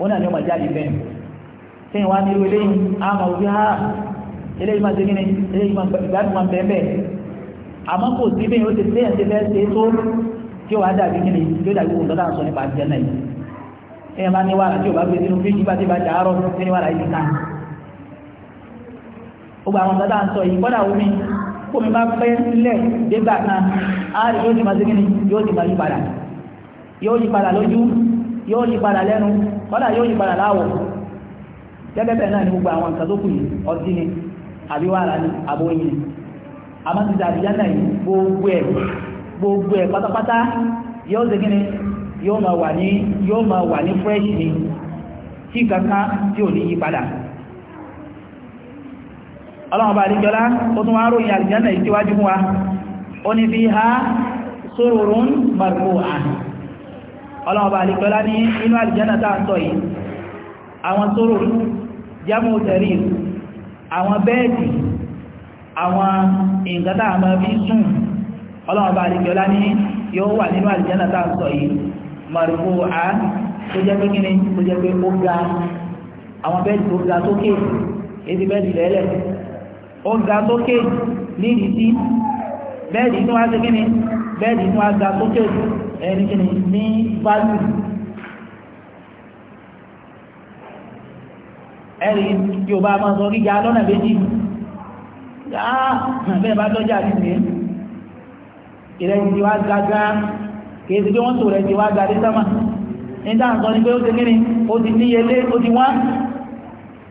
ó náà ní ọmọ jáde bẹ́ẹ̀ tí wọ́n á ní irú eléyìí á mọ̀ wípé á ah, eléyìí máa ṣe kí ni eléyìí máa gbádùn máa bẹ́ẹ̀ bẹ́ẹ̀ àmọ́ kò sí bẹ́ẹ̀ ó ti tẹ́ ẹ̀ṣẹ̀ fẹ́ ṣe tó tí ó wá dàbí kí ni tí ó dàbí òun tọ́lá sọ nípa jẹ́ náà yìí ẹ̀yìn bá ní wàrà tí ò bá gbé sínú fíjì bá ti bá dàárọ̀ sí ní wàrà yìí kan ó gba àwọn tọ́lá sọ yìí kọ́dà omi kómi bá pẹ́ sílẹ̀ dégbà kan á yóò ti máa ṣe kí ni yóò ti máa yí padà yóò yí padà lójú yóò yí padà lẹ́nu kọ́dà yóò yí padà láwọ̀ gẹ́gẹ́ náà ni gbogbo àwọn nǹkan yìí ọtí ni àbí ni yìí gbogbo ẹ̀ gbogbo ẹ̀ pátápátá yóò yóò wà ni tí kankan tí ò ní yí padà ọlọ́run àdíjọ́lá ó tún wá ròyìn yìí fún wa ó ní ha mar ọlọ́ọ̀bà àlìkọ́lá ní inú àlìjánà tàà sọ yìí àwọn tóró jámù tẹ̀rí àwọn bẹ́ẹ̀dì àwọn nǹkan tàà mọ́ bí sùn ọlọ́ọ̀bà àlìkọ́lá ní yóò wà nínú àlìjánà tàà sọ yìí mọ̀rùkú à tó jẹ́ pé kíni tó jẹ́ pé ó ga àwọn bẹ́ẹ̀dì tó ga sókè èdè bẹ́ẹ̀dì lẹ́lẹ̀ ó ga sókè nídìí sí bẹ́ẹ̀dì tó wá sí kíni bẹ́ẹ̀ni tí wọ́n ga sókè ẹni kìíní ní fásitì ẹni yóò bá máa sọ gíga lọ́nà méjì yáà bẹ́ẹ̀ bá lọ́jà nìyẹn ìrẹsì wa gaga kìí sí pé wọ́n tó rẹ̀ wá ga dé sámà ní dáa sọ ní pé ó ti kíni ó ti níyelé ó ti wá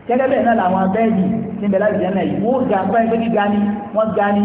gẹ́gẹ́ bẹ́ẹ̀ náà làwọn bẹ́ẹ̀ni níbẹ̀ láti jẹ́ náà yìí wọ́n ga pẹ́ẹ́ pé gíga ni wọ́n ga ni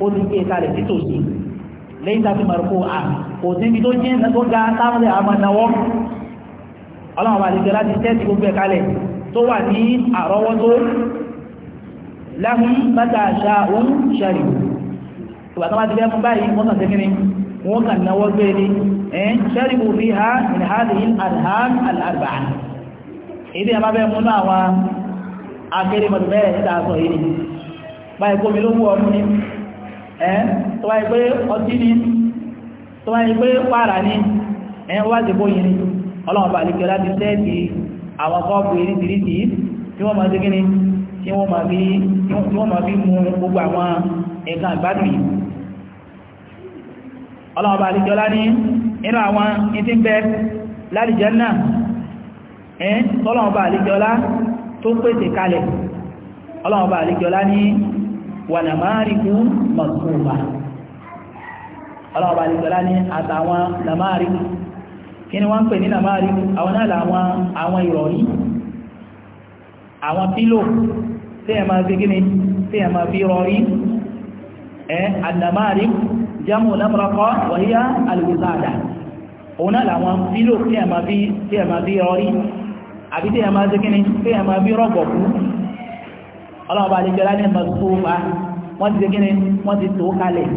ó ti gbé e kalẹ̀ títòsí lẹ́yìn tàbí marufo à kò sí ibi tó jẹ́ ẹ̀sán tó ga táwọn àmà náwọ́ ọlọ́run bá lè jẹ́ láti tẹ́sí gbogbo ẹ̀ kalẹ̀ tó wà ní àrọ́wọ́tó lahum mata sha'un shari ìgbà tó bá ti fẹ́ mú báyìí e ní ẹ́ tó wáyé pé ọtí ni tó wáyé pé pààrà ni ẹ̀ wá ti bó yìí ni ọlọ́run bá lè kẹ́lá ti sẹ́ẹ̀tì àwọn kọ́ọ̀pù eréṣiríṣi tí wọ́n máa ṣe kíni tí wọ́n máa fi tí wọ́n máa fi mu gbogbo àwọn ẹ̀ka ìgbádùn yìí ọlọ́run bá lè kẹ́lá ní inú àwọn ìtí ń bẹ lálìjẹ́ náà ẹ́ tọ́lọ́run bá lè kẹ́lá tó pèsè kalẹ̀ ọlọ́run bá lè kẹ́lá ní wàlàmáàríkú mọ̀túnbà ọlọ́ọ̀bà nìtọ́lá ní àtàwọn làmáàríkú kí ni wọ́n ń pè ní làmáàríkú àwọn náà làwọn àwọn ìrọ̀rí àwọn pílò tí ẹ máa fi gíní tí ẹ máa fi rọrí ẹ àdàmáàríkú jámù lámọ́rọ́kọ́ wàyíyá alùgbòsáàdà òun náà làwọn pílò tí ẹ máa fi rọrí àbí tí ẹ máa fi gíní tí ẹ máa fi rọ̀gbọ̀kú ọlọ́ọ̀bá àlejòlá ní mọ̀sùfà wọ́n ti gíní wọ́n ti tó kalẹ̀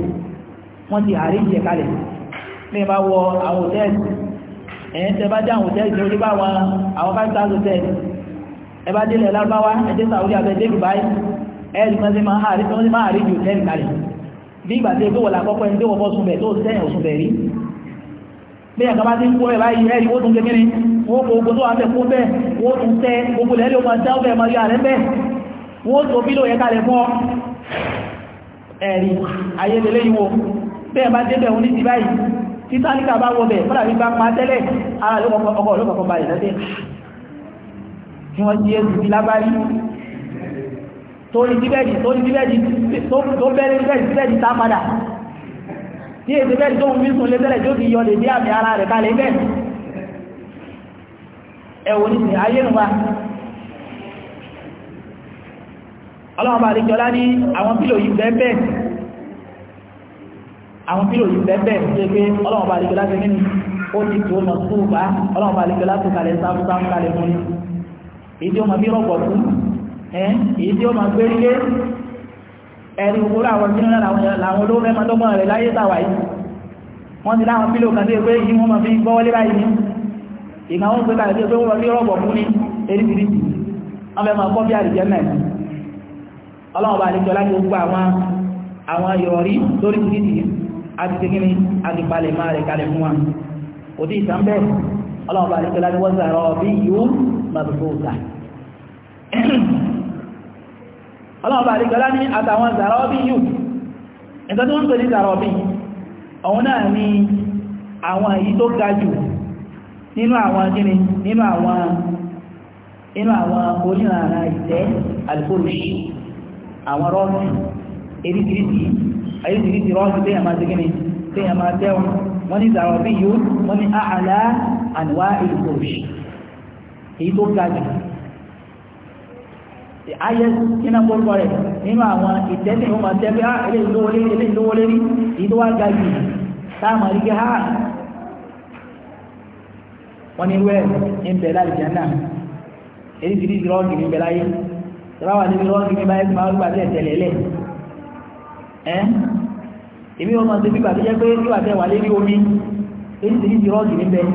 wọ́n ti àríjẹ kalẹ̀ ní bá wọ àwọn hòtẹ́ẹ̀lì ẹ̀yìn bí ìgbà bá ti ń kó ẹ̀ báyìí ẹ̀rí ó tún gẹ́gẹ́rin wọ́n kò ogun tó wà bẹ̀ kó bẹ́ẹ̀ wọ́n tún tẹ́ gbogbo lẹ́lẹ́ ó máa tẹ́ ọ́ bẹ́ẹ̀ máa yọ bẹ́ẹ̀ wọ́n tó bílò yẹ kalẹ̀ mọ́ ẹ̀rí ayélélé ìwò bẹ́ẹ̀ bá débẹ̀ òun ní ti báyìí títàníkà bá wọ bẹ̀ fọ́nà nígbà máa tẹ́lẹ̀ ara ọkọ̀ olókọ̀ọ́kọ́ bá ìlẹ́tẹ̀ tí wọ́n ti ẹ̀sù bí lágbárí torí tíbẹ̀dì torí tíbẹ̀dì tó bẹ̀rẹ̀ tíbẹ̀dì tíbẹ̀dì tá padà tí èsì bẹ́ẹ̀ tó ń bí sun lẹ́tẹ̀lẹ̀ tó fi yọ lè dé àmì ara rẹ̀ kalẹ̀ bẹ́ẹ̀ ẹ̀wọ̀n ní ayé nù wa ọlọ́ọ̀bá àríkọlá ní àwọn pílò yìí bẹ́ẹ̀bẹ́ àwọn pílò yìí bẹ́ẹ̀bẹ́ tí ó pé ọlọ́ọ̀bá àríkọlá ti nínú ó ti tó mọ̀ tó bá ọlọ́ọ̀bá àríkọlá tó kalẹ̀ sáfúsáf kalẹ̀ fún ní èyí tí ó mọ̀ bí rọ̀pọ̀ fún èyí tí ó mọ̀ gbé nílé ẹni òkúrò àwọn tí láwọn olówó mẹ́mọ́ lọ́gbọ́n rẹ̀ láyé tàwà yìí wọ́n ti láwọn pílò kan tí ó pé yìí wọ́n mọ̀ fi gbọ́wọ́lé báyìí ìgbà wọ́n pẹ́ kalẹ̀ tí ó pé wọ́n mọ̀ bí rọ̀pọ̀ fún ní eréjìdìjì wọ́n fẹ́ ma kọ́ bí àrìjẹ́ náà ọlọ́run bá àlejò láti gbogbo àwọn àwọn ìrọ̀rí lórí títì àti tẹ́kínní àti palẹ̀ máa rẹ̀ kalẹ̀ fún wa kò tí ì tán bẹ́ẹ̀ ọlọ́run bá àlejò láti wọ́n sàrọ̀ bí yóò màbùkù ta ọlọ́run bá àlejò láti àtàwọn sàrọ̀ bí yóò ẹ̀tọ́ tí wọ́n ń pè ní sàrọ̀ bí ọ̀hun náà ni àwọn èyí tó ga jù nínú àwọn gíní nínú àwọn onírànà ìtẹ́ alìkóòrùsì àwọn rọ́ọ̀sì eríṣiríṣi eríṣiríṣi rọ́ọ̀sì téèyàn máa ṣe kíni téèyàn máa tẹ́wọ̀n wọ́n ní ìdàrọ̀ bí yóò wọ́n ní àhàlà àníwá ìlú èyí tó ga jù ayé iná gbogbo rẹ̀ nínú àwọn ìtẹ́sìn ó máa tẹ́bí ah, eléyìí lówó lérí eléyìí lówó lérí èyí tó wá ga jù ha wọ́n ní wẹ́ẹ̀ ń bẹ̀ láì jẹ́ náà tọ́láwà níbi rọ́ọ̀dù ní báyìí máa gbà tẹ̀ tẹ̀lẹ̀lẹ̀ ẹ́ èmi wọn máa ti fi gbàgbé jẹ́ pé nígbà tẹ̀ wà lérí omi èyí ti ní ti rọ́ọ̀dù níbẹ̀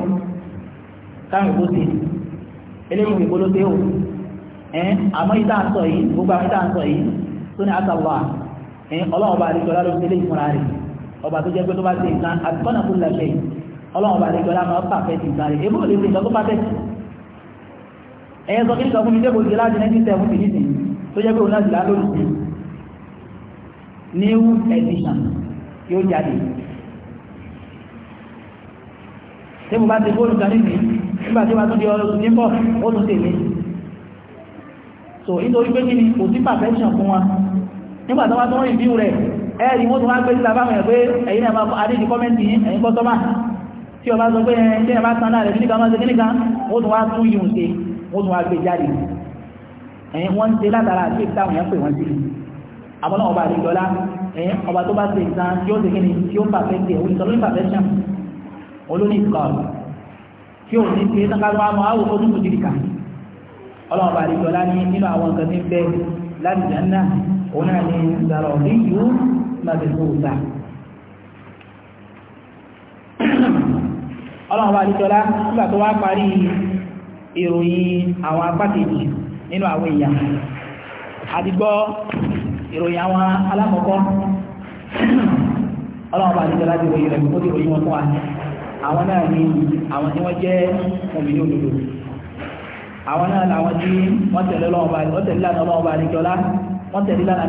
káwọn ìbò ti eléyìí ìbò ló dé o ẹ́ àmọ́ ìta ń sọ yìí gbogbo àwọn ìta ń sọ yìí tó ní àtàwà ẹ́ ọlọ́ọ̀bà àdìsọ́lá ló ti lé ìfúnra rẹ̀ ọba tó jẹ́ pé tó bá ti ìta àtìkọ́nà kó lẹ́sẹ̀ ọlọ́ọ̀bà àdìsọ́lá máa pàfẹ́ ti ìta rẹ̀ ebó lè fi ìtọ́ tó pàfẹ́ ti ẹ̀yẹ́ sọ kíníkà fún mi jẹ́ kò sí láti 1970 nìsìn tó jẹ́ pé òun láti láà sí new edition yóò jáde tí mo bá ti bóòlù kan nìsìn nígbà tí wàá di ọlọ́sùn ní bọ̀ ó tún tèmi so nítorí pé kí ni kò sí perfection fún wa nígbà tó wá tó rìn bíu rẹ̀ ẹ̀rì wọ́n tó wá gbé síta báwọn ẹ̀gbẹ́ ẹ̀yìn náà máa adé di kọ́mẹ́ntì ẹ̀yìn kọ́sọ́mà tí ọba sọ pé ẹ̀yìn náà bá tán náà rẹ̀ kíníkan máa tún wá tún yìí ń ṣe wọ́n tún wá gbé jáde ẹ̀yìn wọ́n ń ṣe látara àti ìtàwọn èèyàn pè wọ́n sí àwọn náà ọba àdéjọlá ẹ̀yìn ọba tó bá ṣe ìtàn tí ó ṣe kíni tí ó pàfẹ́ tẹ̀ òun ìtọ́ ló ní pàfẹ́ sàn olóní ìkọlù tí ó ní ṣe sákàlù àmọ́ àwọn olùkú jìrìkà ọlọ́run ọba àdéjọlá ní nínú àwọn nǹkan tí ń bẹ láti jẹ́nà òun náà ní ìdàrọ̀ ní yóò máa fi kó ta ọlọ́run nígbà tó wá parí ìròyìn àwọn apákejì nínú àwọn èèyàn àdìgbọ́ ìròyìn àwọn alákọ̀ọ́kọ́ ọlọ́run bá láti ròyìn rẹ̀ kó ti ròyìn wọn fún wa àwọn náà ni àwọn tí wọ́n jẹ́ òmìn òdòdó àwọn náà làwọn tí wọ́n tẹ̀lé wọ́n tẹ̀lé lánàá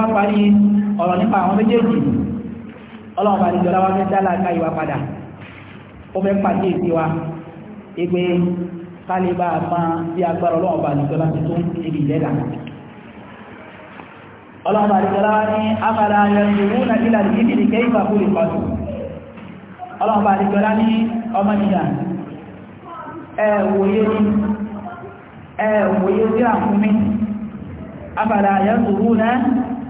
nẹ́bí ọ̀rọ̀ nípa àwọn méjèèjì ọlọ́ọ̀bà àdìjọ́lá wa fẹ́ dálà ká ìwà padà ó fẹ́ pàdé ìsí wa ìpè kálíbà máa bí agbára ọlọ́ọ̀bà àdìjọ́lá ti tó ibi ìlẹ́dà ọlọ́ọ̀bà àdìjọ́lá ní afárá ayọ̀yẹ̀wò nàìjíríà ìdíkìdì kẹ́yìnbà fún ìkọlù ọlọ́ọ̀bà àdìjọ́lá ní ọmọnìyàn ẹ̀wòye ní ẹ̀wòye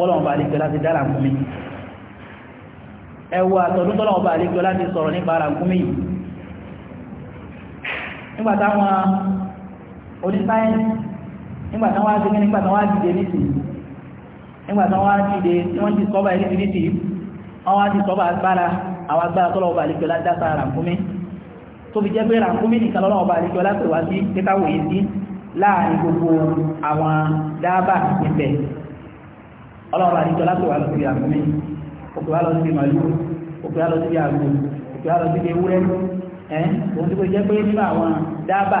bọ́lọ̀wọ̀n bá àlejò láti dá ràkúnmí ẹwọ àtọ̀dún tọ́lọ̀wọ̀n bá àlejò láti sọ̀rọ̀ nípa ràkúnmí nígbàtàwọn onísáyẹ́nsì nígbàtàwọn adìgbé nígbàtàwọn adìgbé nìsì nígbàtàwọn adìgbé tí wọ́n ti sọ́bà ẹni nìsì àwọn adìgbé sọ́bà agbára àwọn agbára tọ́lọ̀wọ̀n bá àlejò láti dá sára ràkúnmí tó fi jẹ́ pé ràkúnmí nìkan lọ́lọ́wọ́ bá àlejò láti wá sí pétáwò yìí sí láàrin gbogbo àwọn dábà ìpẹ̀ ọlọ́ọ̀bà àdìjọ láti wà lọ́sí àmì òkè wà lọ́sí màlúù òkè wà lọ́sí àgbò òkè wà lọ́sí ewúrẹ́ ẹ̀ òun ti kò jẹ́ pé nínú àwọn dábà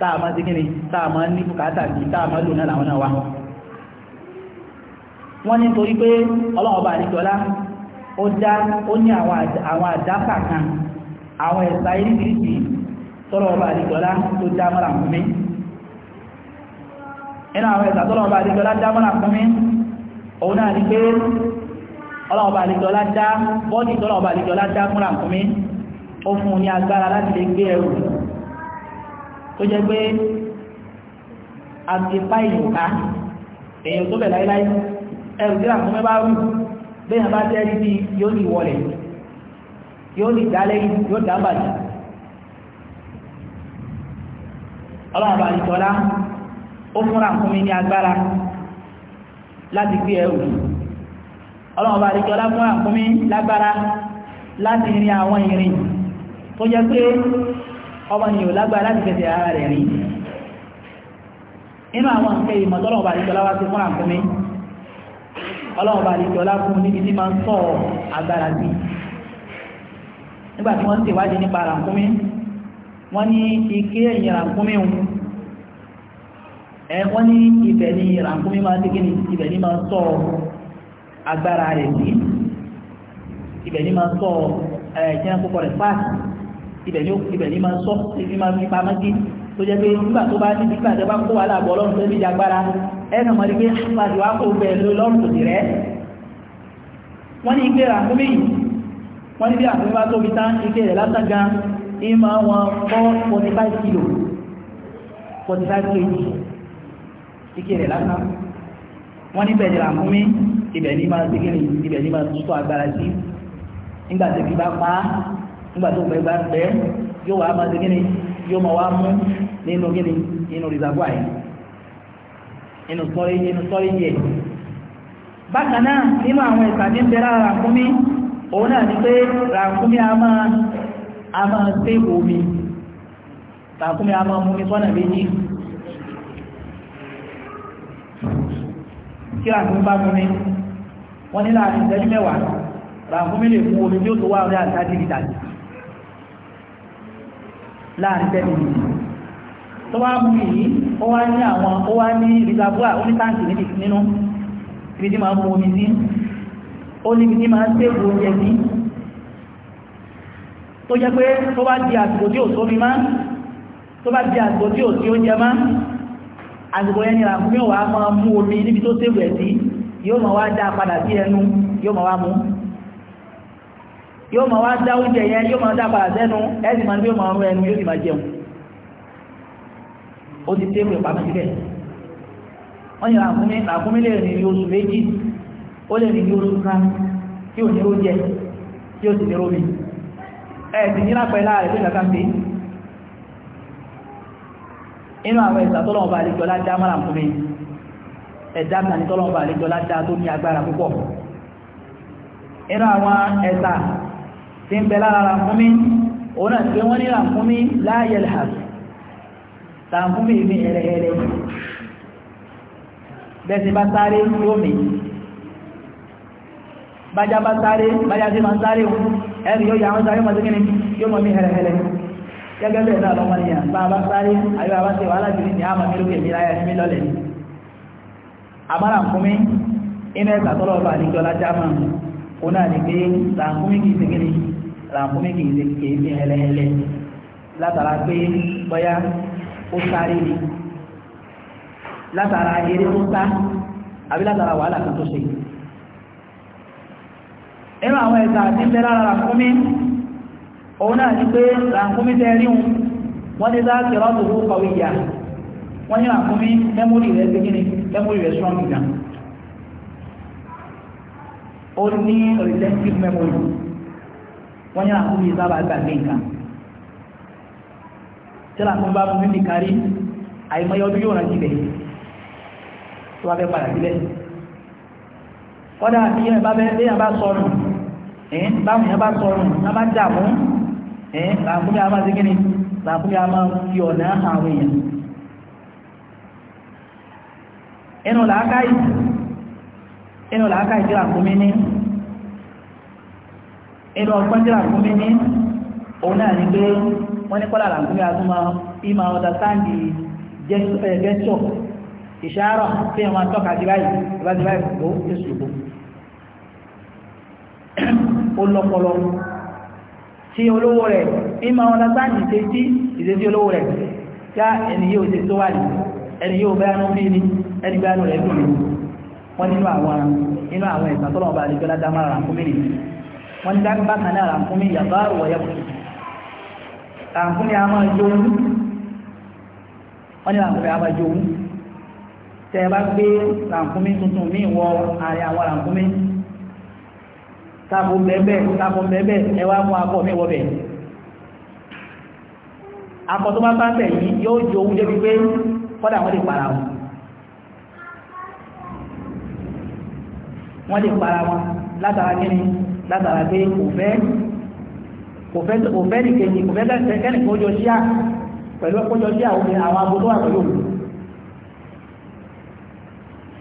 táà máa ti kíni táà máa ní bùkátà sí táà máa lò náà làwọn náà wà wọ́n ní torí pé ọlọ́ọ̀bà àdìjọ lá ó dá ó ní àwọn àdáfà kan àwọn ẹ̀sà irísirísi tọ́lọ̀ọ̀bà àdìjọ lá òun náà ni pé ọlọ́ọ̀bà àlejọ́lá dá bọ́dì tọ́lọ́ọ̀bà àlejọ́lá dá fún ràkúnmí ó fún ní agbára láti lè gbé ẹrù tó jẹ́ pé àtìpá ìyùká èèyàn tó bẹ̀ láíláí ẹrù tí bá rù bẹ́yàn bá tẹ́ rí bí yóò ní wọlẹ̀ yóò ní yóò ọlọ́ọ̀bà láti gbé ẹrù ọlọ́run bá àríkẹ́ ọlápọ̀ àkúnmí lágbára láti rin àwọn ìrìn tó jẹ́ pé ọmọ ni ò lágbára láti fẹsẹ̀ ara rẹ̀ rìn inú àwọn nǹkan ìmọ̀ tọ́lọ́run bá àríkẹ́ ọlá wá sí fún àkúnmí ọlọ́run bá àríkẹ́ ọlá fún níbi tí máa ń sọ agbára sí nígbà tí wọ́n ń ṣèwádìí nípa ràkúnmí wọ́n ní ike ẹ̀yìn ràkúnmí òun wọ́n ní ibẹ̀ ni ràkúnmí máa tí kíni ibẹ̀ ni máa sọ agbára rẹ̀ sí ibẹ̀ ni máa sọ ẹ̀ẹ́dẹ́n púpọ̀ rẹ̀ fáàsì ibẹ̀ ni máa sọ ibi máa fi pamọ́ sí tó jẹ́ pé nígbà tó bá ní nígbà tó bá kó wàhálà bọ̀ ọlọ́run tó ní jagbára ẹ̀ẹ́nà mọ́ ni pé fàṣì ah, wá kó bẹ̀ lọ́rùn tòdì rẹ̀ wọ́n ní ike ràkúnmí wọ́n ní bí ràkúnmí bá tóbi tán ike rẹ̀ lásán gan ìmọ̀ wọn fọ́ 45 kilo 45 kg kíkẹ́ rẹ̀ lásán wọ́n níbẹ̀ ni ràkúnmí ibẹ̀ ní máa síkìrì ibẹ̀ ní máa tútù agbára sí nígbà tó fi bá pa á nígbà tó fẹ́ bá pẹ́ yóò wá máa síkìrì yóò máa wá mú nínú gíní nínú rìsàgbà yìí nínú sọ́rí nínú sọ́rí yẹ bákan náà nínú àwọn ìpàdé ń bẹ̀rẹ̀ ràkúnmí òun náà ni pé ràkúnmí a a máa sí omi ràkúnmí a máa mú mi sọ́nà méjì kí ràǹkúmí bá mú mi wọ́n ní láàrin ìṣẹ́jú mẹ́wàá ràǹkúmí lè fún omi tí ó tó wá ọ̀rẹ́ àtàdì ìdàjì láàrin tẹ́lì tó wá mú yìí ó wá ní àwọn ó wá ní rìsàbúà ó ní táǹkì níbi nínú ibi tí máa ń mú omi sí ó ní ibi tí máa ń tẹ́kù oúnjẹ sí tó jẹ́ pé tó bá di àsìkò tí ò sómi má tó bá di àsìkò tí ò sí oúnjẹ má àsìkò yẹn ni ràkúnmí wà á máa mú omi níbi tó tèwù ẹ̀ sí yóò máa wá dá padà sí ẹnu yóò máa wá mú yóò máa wá dá oúnjẹ yẹn yóò máa dá padà sẹ́nu ẹ̀sì máa ní yóò máa rú ẹnu yóò sì máa jẹun ó ti tèwù ẹ̀ pàmò síbẹ̀ wọ́n ní ràkúnmí ràkúnmí lè rìn ní oṣù méjì ó lè rìn ní oṣù kan tí ò ní oúnjẹ tí ó sì ní rómi ẹ̀sì ní láàrẹ̀ tó ìgbà inú àwọn ẹ̀sà tọ́lọ̀ọ̀bà àlejọ́lá dá mara fún mi ẹ̀dá tàní tọ́lọ̀ọ̀bà àlejọ́lá dá tó ní agbára púpọ̀ inú àwọn ẹ̀sà tí ń bẹ lára fún mi òun náà tí wọ́n ní fún mi láàyè tàǹfún mi ní ẹ̀rẹ̀ẹ̀rẹ̀ bẹ́ẹ̀sì bá sáré yóò mi bájá gẹ́gẹ́ bẹ́ẹ̀ náà lọ́mọ nìyà bá a bá sáré àbí bá a bá ṣe wàhálà jù ní àmà mi lókè mi láyà sí mi lọ́lẹ̀ àbára nkúmi iná ẹ̀sà tọ́lọ̀ bá àdíjọ́ lájá máa kó náà ní pé ràǹkúmi kì í ṣe kíni ràǹkúmi kì í ṣe kì í ṣe hẹlẹhẹlẹ látara pé bóyá ó sáré ni látara eré tó sá òun náà ní pé ràǹkúmí tẹ́ rí wọn wọ́n ní láti rọ́pò owó kọ̀wé ìyá wọ́n ní ràǹkúmí mẹ́mórì rẹ̀ gbé gíní mẹ́mórì rẹ̀ strong gan ó ní retentive memory wọ́n ní ràǹkúmí sábà gbàgbé nǹkan tí ràǹkúmí bá mú mímì kárí àìmọye ọdún yóò rántí bẹ̀ tó bá fẹ́ padà sílẹ̀ kọ́dà bí ẹ̀ bá sọ̀rọ̀ ẹ̀ báwọn èèyàn bá sọ̀rọ̀ náà bá dààmú ẹ̀ làkúnmí a máa ṣe kíni làkúnmí a máa fi ọ̀nà àwọn èèyàn ẹnu làákàyè ẹnu làákàyè tí làkúnmí ní ẹnu ọgbọ́n tí làkúnmí ní òun náà ní pé wọ́n ní kọ́lá làkúnmí a tún ìmọ̀ ọ̀dà sáǹdì gẹ́sọ̀ ìṣàárọ̀ tí wọ́n máa tọ́ka sí báyìí ìbá báyìí tí olówó rẹ̀ ní ma wọn lásán ìṣe tí olówó rẹ̀ já ẹni yóò ṣe tó wà ní ẹni yóò bá ẹnu rí ni ẹni bá ẹnu rẹ̀ dùn ní wọ́n nínú àwọn nínú àwọn ẹ̀sán tó lọ́wọ́ bá lè gbọ́dá dámà rà fún mi nì wọ́n ní dákú bákan náà rà fún mi yàgbá àrùwọ̀ yẹ kùtù rà fún mi àmọ́ ìjọ ojú sáàbù bẹ́ẹ̀bẹ́ sáàbù bẹ́ẹ̀bẹ́ ẹwà mú akọ mi wọ bẹ̀. akọ tó bá bá bẹ̀ yìí yóò jó owó débi kọ́dà wọ́n lè para wọn. wọ́n lè para wọn látara kíni látara pé kò fẹ́ kò fẹ́ kò fẹ́ nìkejì kò fẹ́ kẹ́ni kò jọ síà pẹ̀lú ọkọ̀jọ síà òfin àwọn abo tó wà pẹ̀lú òun.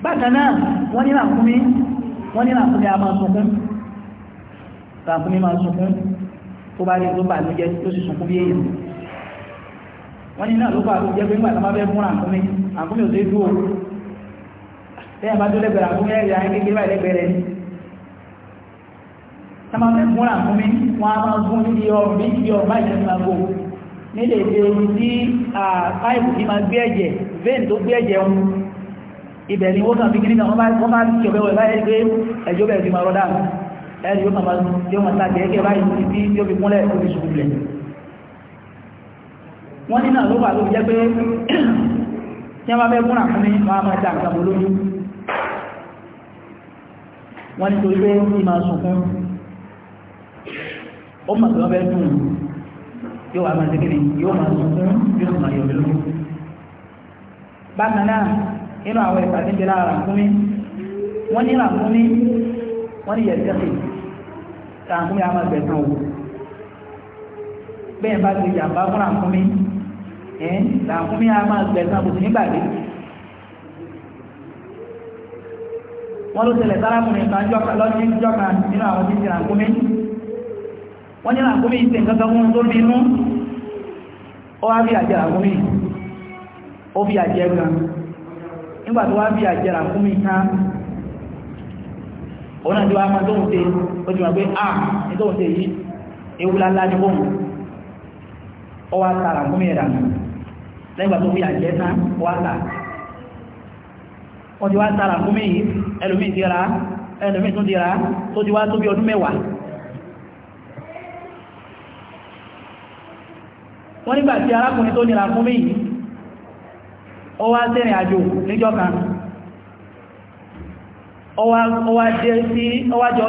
bákan náà wọ́n ní làkúnmí wọ́n ní làkúnmí a máa sunkún ràkúnmí máa sunkún tó bá rí tó bà lójẹ́ tó sì sunkún bí èèyàn wọ́n ní náà ló fà tó jẹ́ pé nígbà tó bá fẹ́ fún ràkúnmí ràkúnmí ò sí dúró tẹ́yà bá tó lẹ́gbẹ̀ẹ́ ràkúnmí ẹ̀yà kékeré báyìí lẹ́gbẹ̀ẹ́ rẹ̀ sábà fẹ́ fún ràkúnmí wọ́n á máa fún níbi ọrùn bí ibi ọrùn báyìí lẹ́nu máa gbó nílé èdè omi tí páìpù ti máa gbé ẹ̀jẹ̀ vein tó gbé ẹ̀jẹ̀ ń ibẹ̀ ni wọ́n kàn fi kíníkà wọ́n bá kí ọ̀bẹ̀wẹ̀ báyìí pé ẹ̀jọ́ bẹ̀rẹ̀ fi máa rọ́ dáàmú ẹni yóò máa yóò máa ta kẹ̀kẹ́ báyìí títí tí ó fi kúnlẹ̀ tó fi sùn lẹ̀ wọ́n ní náà ló wà ló fi jẹ́ pé tí wọ́n bá fẹ́ múra fún mi wọ́n máa ta nǹkan olóyún wọ́n ní torí pé kí máa sunkún ó mọ̀ tó dùn yóò wà máa ṣe kíni yóò máa sunkún yóò máa yọ̀ lóyún bákan náà nínú àwọn ìpàdé jẹ́ lára fún mi wọ́n ní ràkúnmí wọ́n ní yẹ̀rìkẹ́sì ràǹkúnmí a máa gbẹ̀sán o bẹ́ẹ̀ bá ti yàmbá fún ràǹkúnmí ẹ̀ ràǹkúnmí a máa gbẹ̀sán kò sí wọ́n ló tẹ̀lẹ̀ sárákùnrin kan lọ́dún nínú àwọn ndị ti wọ́n ní ti fún tó inú ó wá bí ó gan nígbà tó wá bí kan òun náà tí wá máa tóhun ṣe ó ti wọ́n pé à ah, ní tóhun ṣe yìí ewu lálá ní bóhun ó wá tààrà fún mi ìrànà lẹ́gbà tó fi àjẹ́ tán ó wá tààrà wọ́n ti wá tààrà fún mi yìí ẹlòmí ti ra ẹlòmí tún ti ra tó ti wá tó bí ọdún mẹ́wàá ọwá dé sí ọwájọ́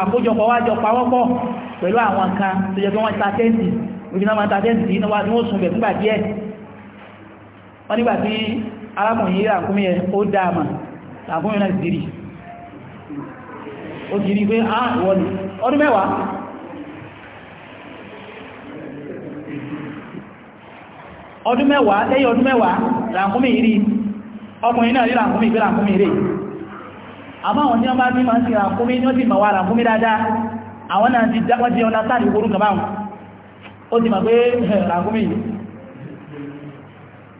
àkójọpọ̀ ọwájọ́ pàwọ́pọ̀ pẹ̀lú àwọn nǹkan tó jẹ́ pé wọ́n ta tẹ́ǹtì ta tẹ́ǹtì ní bẹ̀ díẹ̀ wọ́n nígbà tí ah, ọdún mẹ́wàá lẹ́yìn ọdún mẹ́wàá rí ọkùnrin náà rí rí rí Aba àwọn tí wọ́n bí máa ń ti ràkúnmí ní ó ti mọ̀ wà ràkúnmí dáadáa àwọn náà ti dáwọ́ jẹ́ ọlá orú ó ti ma pé ràkúnmí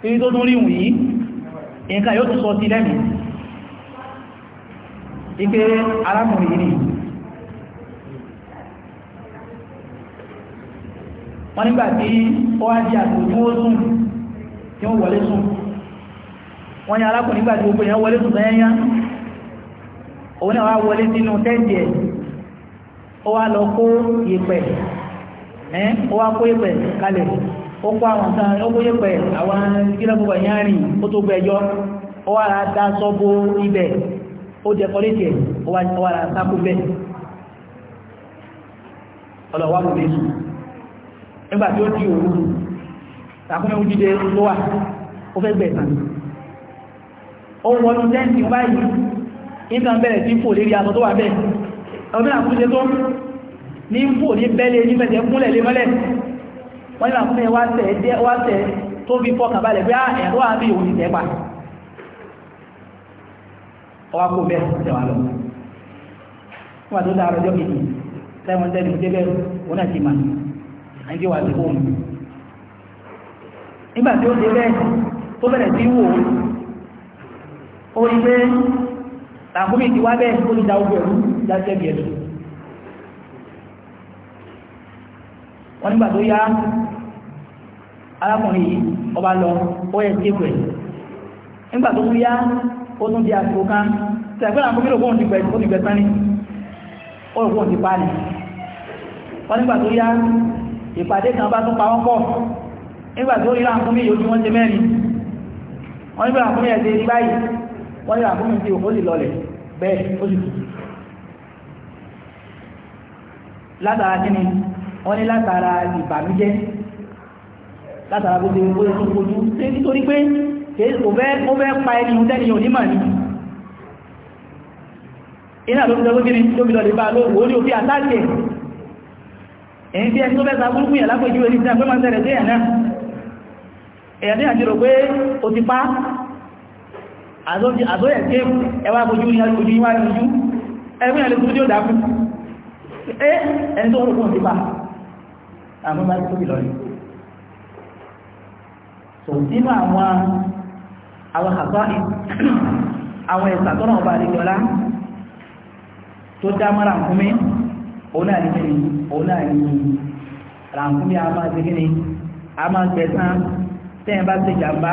yìí tó tún rí wùn yóò tún sọ sí ike arákùnrin yìí wọ́n nígbà tí ó wá jẹ́ àtòjú sùn tí wọ́n òun náà wá wọlé sínú tẹ́ǹtì ẹ̀ ó wá lọ kó yèpẹ̀ ẹ́ ó wá kó yèpẹ̀ kalẹ̀ ó kó àwọn kan ó kó yèpẹ̀ àwọn gílẹ̀kùn ẹ̀yán rìn ó tó gbẹjọ́ ó wá ra dá sọ́bó ibẹ̀ ó jẹ kọ́lẹ́tì ẹ̀ ó wá ra sákó bẹ́ẹ̀ ọlọ́wà mú lẹ́sù nígbà tí ó di òru takúnmẹ́ òjídé lówà tẹ́ǹtì báyìí ìtàn bẹ̀rẹ̀ sí fò lérí aṣọ tó wà bẹ́ẹ̀ ọdún àkúnṣe tó ní fò ní bẹ́lẹ̀ ní mẹ́tẹ̀ múlẹ̀ lé mọ́lẹ̀ wọ́n nígbà fún ẹwà tẹ̀ wá tẹ̀ tó fi fọ́kà balẹ̀ ah, bí ẹ̀rọ àbí òun ìtẹ̀ pa ọwá kó bẹ́ẹ̀ tẹ̀ wá lọ wọ́n tó dáa ọjọ́ kejì sẹ́wọ̀n tẹ́lẹ̀ tó débẹ̀ òun àti mà àti wà sí tí ó débẹ̀ tó bẹ̀rẹ̀ sí wò ó rí pé tàkúmí ti wá bẹ́ẹ̀ tó ní da ogun ẹ̀rú dáṣẹ́ bí ẹ̀rú wọ́n nígbà tó yá arákùnrin yìí ọba lọ ó yẹ tí pẹ̀ nígbà tó yá ó tún di àsìkò tó yá ìpàdé kan bá tún pa pọ̀ nígbà tó rí láàkúnmí yóò wọ́n ṣe mẹ́rin wọ́n nígbà àkúnmí ẹ̀ ṣe rí báyìí wọ́n ní àkúnmí ti òkú lè lọlẹ̀ bẹ́ẹ̀ ó sì tutù látara kíni wọ́n ní látara ìbànújẹ́ látara bó ti ń kóyè tó kojú nítorí pé kò fẹ́ pa ẹni ohun tẹ́ni onímọ̀ ni iná ló ń sọ gbogbo tó fi lọ́dẹ̀ bá lóòrùn ó ní òfin àtàkì èyí tí ẹni tó fẹ́ sa burúkú yẹn lápẹjú ẹni tí a pẹ́ máa ń tẹ̀lẹ̀ sí ẹ̀ náà èyàn tí àti rò pé ó ti pa àzóyẹ̀ tí ẹwà ojú ìwà ìrìnjú ẹgbẹ́ ẹ̀lẹ́kùn tí ó dákú ẹ́ ẹni tó rúkùn sí pa àwọn bá tó bì lọ́rí so nínú àwọn àwọn àtọ́rin àwọn ẹ̀sà tọ́nà ọba àríjọlá tó dá mọ́ ràǹkúmí òun náà ní kíni òun náà ní ràǹkúmí a máa ti kíni a máa gbẹ̀sán tẹ́yìn bá ti jàmbá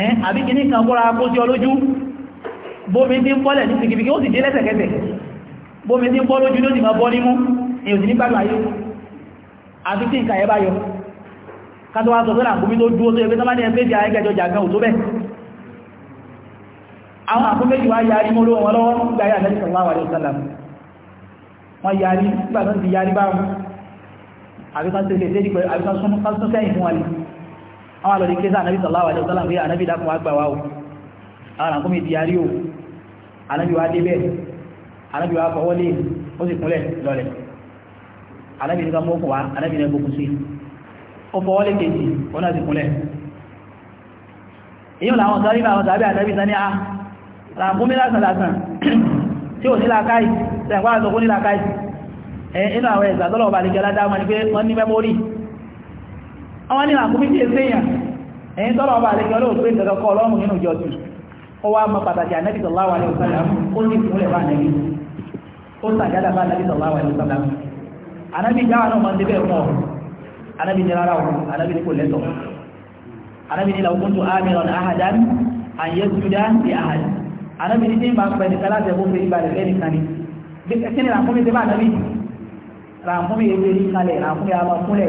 ẹ́ àbí kìíní kan kóra kó sí ọlójú bómi tí ń bọ́lẹ̀ ní sìkìbìkì ó sì dé lẹ́sẹ̀kẹsẹ̀ bómi tí ń bọ́ lójú ló sì máa bọ́ nímú èyàn sì ní gbàgbà ayé àfi tí nǹkan ẹbá yọ kátó wá sọ sọ́nà àkómi tó dúó tó ẹgbẹ́ sọ́mọ́ ní ẹgbẹ́ ti ayẹ́gẹ́jọ jàgbọ́n ò tó bẹ́ àwọn àkóméjì wá yarí mọ́ lówó wọn lọ́wọ́ gbà yà lẹ́sìn sallallahu alaihi wasallam wọ́n yarí gbà tó ti yarí báwọn àwọn àlọ́dí kéṣà anábì sallallahu alaihi wasallam pé anábì dákùn wá gbà wá o àwọn àkómi di arí o anábì wá débẹ̀ anábì wá fọwọ́lé ó sì kúnlẹ̀ lọlẹ̀ anábì nígbà mọ́kùn wá anábì náà gbókùn sí ó fọwọ́lé kejì ó náà sì kúnlẹ̀ èyí làwọn sáré àwọn sáré anábì sani ah, a ràkúnmí lásán lásán tí ò nílá káì tẹ̀kọ́ àtọ́kún nílá káì inú ni pé àwọn ní àkúmí tí èsè yàn ẹ̀yìn tọ́lọ̀ ọba àlejò ọlọ́run pé ìtẹ̀kọ́ kọ́ ọlọ́run nínú ìjọ tù ó wá mọ pàtàkì ànẹ́bí sallallahu alaihi wasallam ó ní ìfúnlẹ̀ bá ànẹ́bí ó sàjádà bá ànẹ́bí sallallahu alaihi wasallam ànẹ́bí jáwà náà máa ń débẹ̀ mọ́ ànẹ́bí ní rárá òun ànẹ́bí ní kò lẹ́tọ̀ ànẹ́bí ní law kuntu amiran ahadan an yasjuda li ahad ànẹ́bí ní tí ń bá pẹ̀ ní kálá tẹ̀ fún ìbàlẹ̀ lẹ́nì kan ni kí ni ràkúnmí tẹ́ bá ànẹ́bí ràkúnmí ebè ní kalẹ̀ ràkúnmí àmọ́ fúnlẹ̀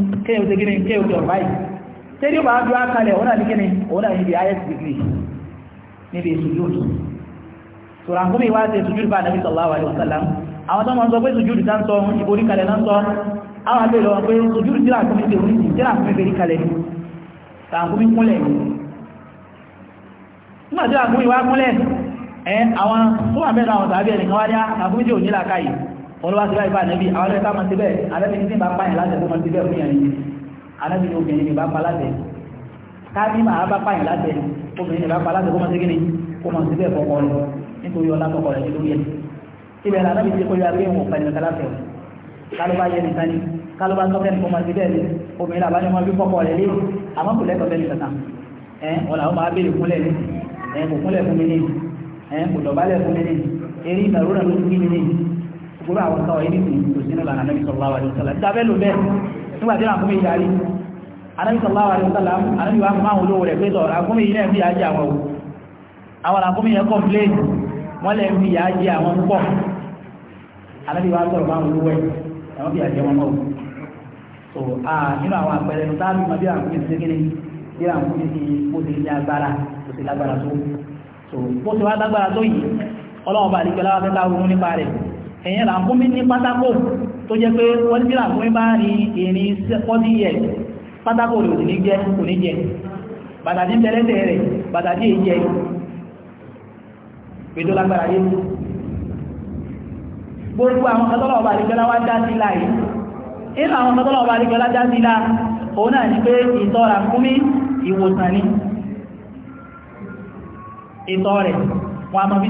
kéyàn tẹ gíní kéyàn tẹ ọ̀bá yìí tẹ́lẹ̀ ó bá dúró kalẹ̀ òun náà ní kíni òun náà níbi highest degree níbi sujud sọ̀rọ̀ àkómi wá ṣe sujud bá nàbí sallallahu alaihi wasallam àwọn tó máa ń sọ pé sujud tá ń sọ ìborí kalẹ̀ náà ń sọ àwọn abẹ́ lọ pé sujud tí àkómi tẹ orí tí àkómi fẹ́ rí kalẹ̀ ni tàkómi kúnlẹ̀ nígbà tí àkómi wá kúnlẹ̀ ẹ àwọn tó wà mẹ́ta àwọn tàbí ẹnìkan wá ní àkómi wọ́n wá sí báyìí bá nẹ́bí àwọn ẹ̀ta máa ti bẹ́ẹ̀ alẹ́bìnrin tí ń bá pààyàn láti ẹ̀kọ́ máa ti bẹ́ẹ̀ fún yàn ní alẹ́bìnrin obìnrin ní bá pa láti káàbí máa bá pààyàn láti obìnrin ní bá pa láti ẹ̀kọ́ máa ti gíní kó máa ti bẹ́ẹ̀ fọkọ rẹ̀ nítorí ọlá fọkọ rẹ̀ lórí ẹ̀ ibẹ̀ alẹ́bìnrin ti kó yọ abẹ́ ìwọ̀n pẹ̀lú kálàfẹ́ kálọ́bá yẹ nìkan ni kálọ́bá tọ́kẹ́ nìkan máa ti bẹ́ẹ̀ obìnrin àbájọ máa bí fọkọ rẹ̀ lé gbogbo àwọn ọ̀sán ọ̀yẹ́ nìsìn kò sínú lànà Ànábì sallallahu alaihi wasallam dábẹ́ ló bẹ́ẹ̀ nígbà tí àkúmí yarí Ànábì sallallahu alaihi wasallam Ànábì wa máa ń olówó rẹ̀ pé tọ̀ àkúmí yìí náà fi yájẹ́ àwọn òun àwọn àkúmí yẹn kọ́mpléèn wọ́n lẹ́ fi yájẹ́ àwọn púpọ̀ Ànábì wa sọ̀rọ̀ máa ń olówó ẹ̀ àwọn fi yájẹ́ wọn mọ́ so a nínú àwọn àpẹẹrẹ tó tábí ma bí àkúmí ti kékeré bí àkúmí ti kó ti ní agbára kó ti lágbára tó so bó ti wá lágbára tó yìí ọlọ́run bá àdìgbẹ́lá wa fẹ́ ká ronú nípa rẹ̀ ẹ̀yẹn làkúnmí ní pátákó tó jẹ́ pé wọ́n tí làkúnmí bá ní ìrìn fọ́dí ẹ̀ pátákó rẹ̀ òdì ní jẹ́ kò ní jẹ bàtàdí tẹ́lẹ́tẹ̀ rẹ̀ bàtàdí èjẹ pẹ̀tọ́ lágbára yé gbogbo àwọn kọtọ́lọ̀ ọba àríkẹ́lá wá dá sí láì inú dá sí lá òun náà ni pé ìtọ̀ làkúnmí ìwòsàn ni ìtọ̀ rẹ̀ wọn a máa fi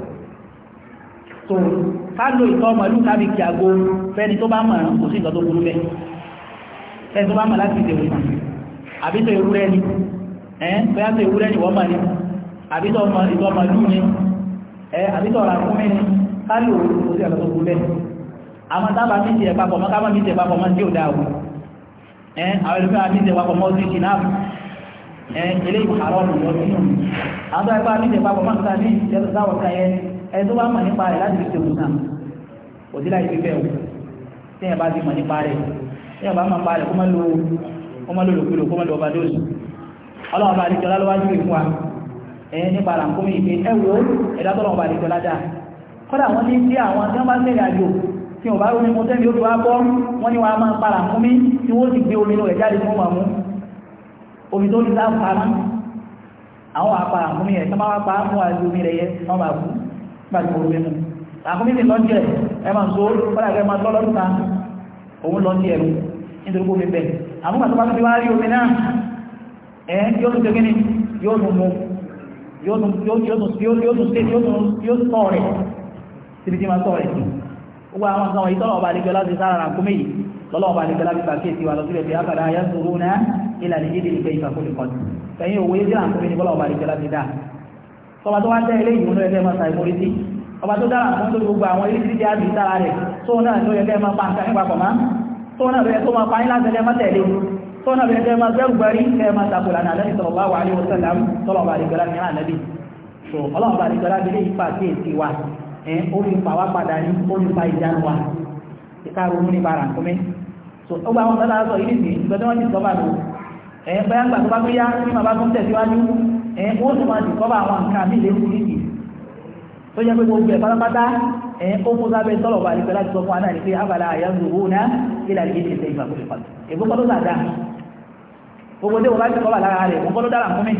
so ká lo ìtọ́ màálù kábi kí àgbo fẹ́ni tó bá mọ̀ kò sí nǹkan tó burú bẹ́ẹ̀ fẹ́ni tó bá mọ̀ láti ìdèwé àbí tó ewúrẹ́ ni ẹ́ bóyá tó ewúrẹ́ ni wọ́n mọ̀ ni àbí tó ìtọ́ màálù ni ẹ́ àbí tó ọ̀rà fún mi ni ká lò kò sí nǹkan tó burú bẹ́ẹ̀ àwọn tábà mí ti ẹ̀pàpọ̀ mọ́ kábà mí ti ẹ̀pàpọ̀ mọ́ tí o ẹ́ àwọn ẹlòmíràn mí ti ẹ̀pàpọ̀ mọ́ sí ìṣìnà ẹ́ eléyìí àrọ́ ọ̀nà ìwọ̀n nínú àwọn tó ẹ̀pàpọ̀ mí ti ẹni tó bá mọ̀ nípa rẹ̀ láti fi ṣe òkúta kò sí láì fi bẹ́ẹ̀ o tí ẹ̀ bá ti mọ̀ nípa rẹ̀ tí ẹ̀ bá mọ̀ nípa rẹ̀ kó má lo kó má lo lòkulò kó má lo overdose ọlọ́wọ́ bá àdìjọ́lá wa ẹ̀ nípa ràǹkómi ìpín ẹ wo ẹ̀dá tọ́lọ́wọ́ bá àdìjọ́lá dáa kọ́dà wọ́n ní sí àwọn tí wọ́n bá tẹ̀lé àjò tí wọ́n bá rí tẹ́lẹ̀ ó fi wá bọ́ wọ́n ní wọ́n á máa para fún mi tí wọ́n sì gbé omi lọ rẹ̀ jáde fún ọmọ mú omi tó ní sáà para àwọn àpara fún mi rẹ̀ tí wọ́n bá fún àjò omi rẹ̀ yẹ wọ́n bá pàtó omi mu àkómi ti lọ́jọ́ ẹ̀ ẹ máa so kọ́lá ẹ̀ máa lọ́ lọ́dún kan òun lọ́jọ́ ẹ̀rù nítorí kó mi bẹ̀ àmúgbà tó bá tó fi wá rí omi náà ẹ̀ yóò tún tẹ́gẹ́ ni yóò tún mu yóò tún ṣe yóò tún tọ̀ rẹ̀ síbi tí máa tọ̀ rẹ̀ sí gbogbo àwọn kan wọ̀nyí tọ́lọ̀ ọba àlejò láti sára àkómi yìí lọ́lọ́ ọba àlejò láti pàkíyèsí wa lọ sílẹ̀ bí abàdá ayé sòrò náà ìlànà ìdílé ìfẹ́ ìfàkólékọ́ni fẹ̀yìn òwe ìdílé àkómi ni bọ́lọ̀ ọba àlejò láti dáa tọba tó wá ń tẹ́lẹ̀ ìwọ̀n ló yẹ kẹ́ máa ta ìmórí sí ọba tó dára fún lórí gbogbo àwọn ilé títí àbí sára rẹ̀ tó náà ló yẹ kẹ́ máa pa nǹkan nípa pọ̀má tó náà ló yẹ kó máa pa nílá tẹ́lẹ̀ má tẹ̀lé tó náà ló yẹ kẹ́ máa bẹ́rù gbẹ́rí kẹ́ máa takò lànà àlẹ́ ìtọ̀rọ̀ bá wà ní oṣù tẹ̀lẹ̀ tọ́lọ̀ bá dìgbẹ́lá ní ànábì so ọlọ́run bá dìgbẹ́lá bí léyìí pa sí èsì wa ẹ̀ ó fi pa wá padà ní ó fi pa ìjánu wa ìka ronú ní bara kúmi so ó gba àwọn ọ̀sán láti sọ ìdí ti sọ bá lò ẹ̀ bẹ́ẹ̀ yá ní màbá tó tẹ̀síwájú ẹ̀ wọ́n tó máa dìkọ́ bá àwọn nǹkan mí léwu níbi tó jẹ́ pé gbogbo ẹ̀ pátápátá ẹ̀ ó mú sábẹ́ tọ́lọ̀ bá ní pẹ̀lá ti sọ fún wa náà ní pé abala àyànjú owó náà ilà ní ìdíje ìgbà kò lè pàtó ègbó kọ́ ló dà dá gbogbo tí wọ́n bá ti kọ́ bà lára rẹ̀ òun kọ́ ló dára fún mi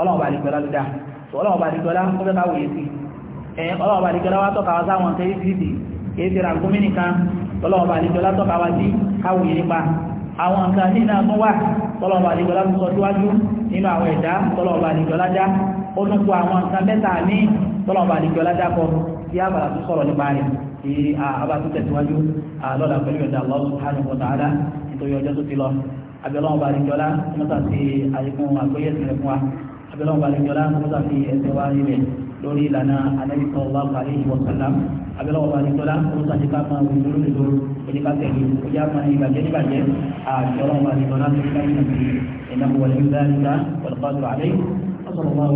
ọlọ́run bá ní pẹ̀lá ló dá ọlọ́run bá ní pẹ̀lá ó fẹ́ ká wòye sí ẹ̀ ọlọ́run bá ní pẹ̀lá wá tọ́ka wá sáwọn àwọn nǹkan ní náà tún wà tọ́lọ̀ọ̀bà àdìgbọ́lá ń sọ síwájú nínú àwọn ẹ̀dá tọ́lọ̀ọ̀bà àdìgbọ́lá dá ó tún kó àwọn nǹkan mẹ́ta ní tọ́lọ̀ọ̀bà àdìgbọ́lá dákọ tí a bàrà tún sọ̀rọ̀ nípa rẹ̀ tí a bá tún tẹ̀síwájú lọ́la pẹ̀lú ẹ̀dá Allah subhanahu wa ta'ala nítorí ọjọ́ tó ti lọ abẹ́lọ́wọ̀n bá àdìgbọ́lá mọ́tà sí àyíkún lórí ìlànà Ànábì sallallahu alaihi wa sallam abẹ́lẹ́wọ̀ bá ó sàti ká máa wù lórí lórí ẹni tẹ̀lé ó yá máa ìbàjẹ́ níbàjẹ́ àjọrọ̀ bá nìkọ́lá tó ká nínú ìlú ẹ̀nà wọlé ìdáríta wọlọ́pàá tó àlẹ́ وصلى الله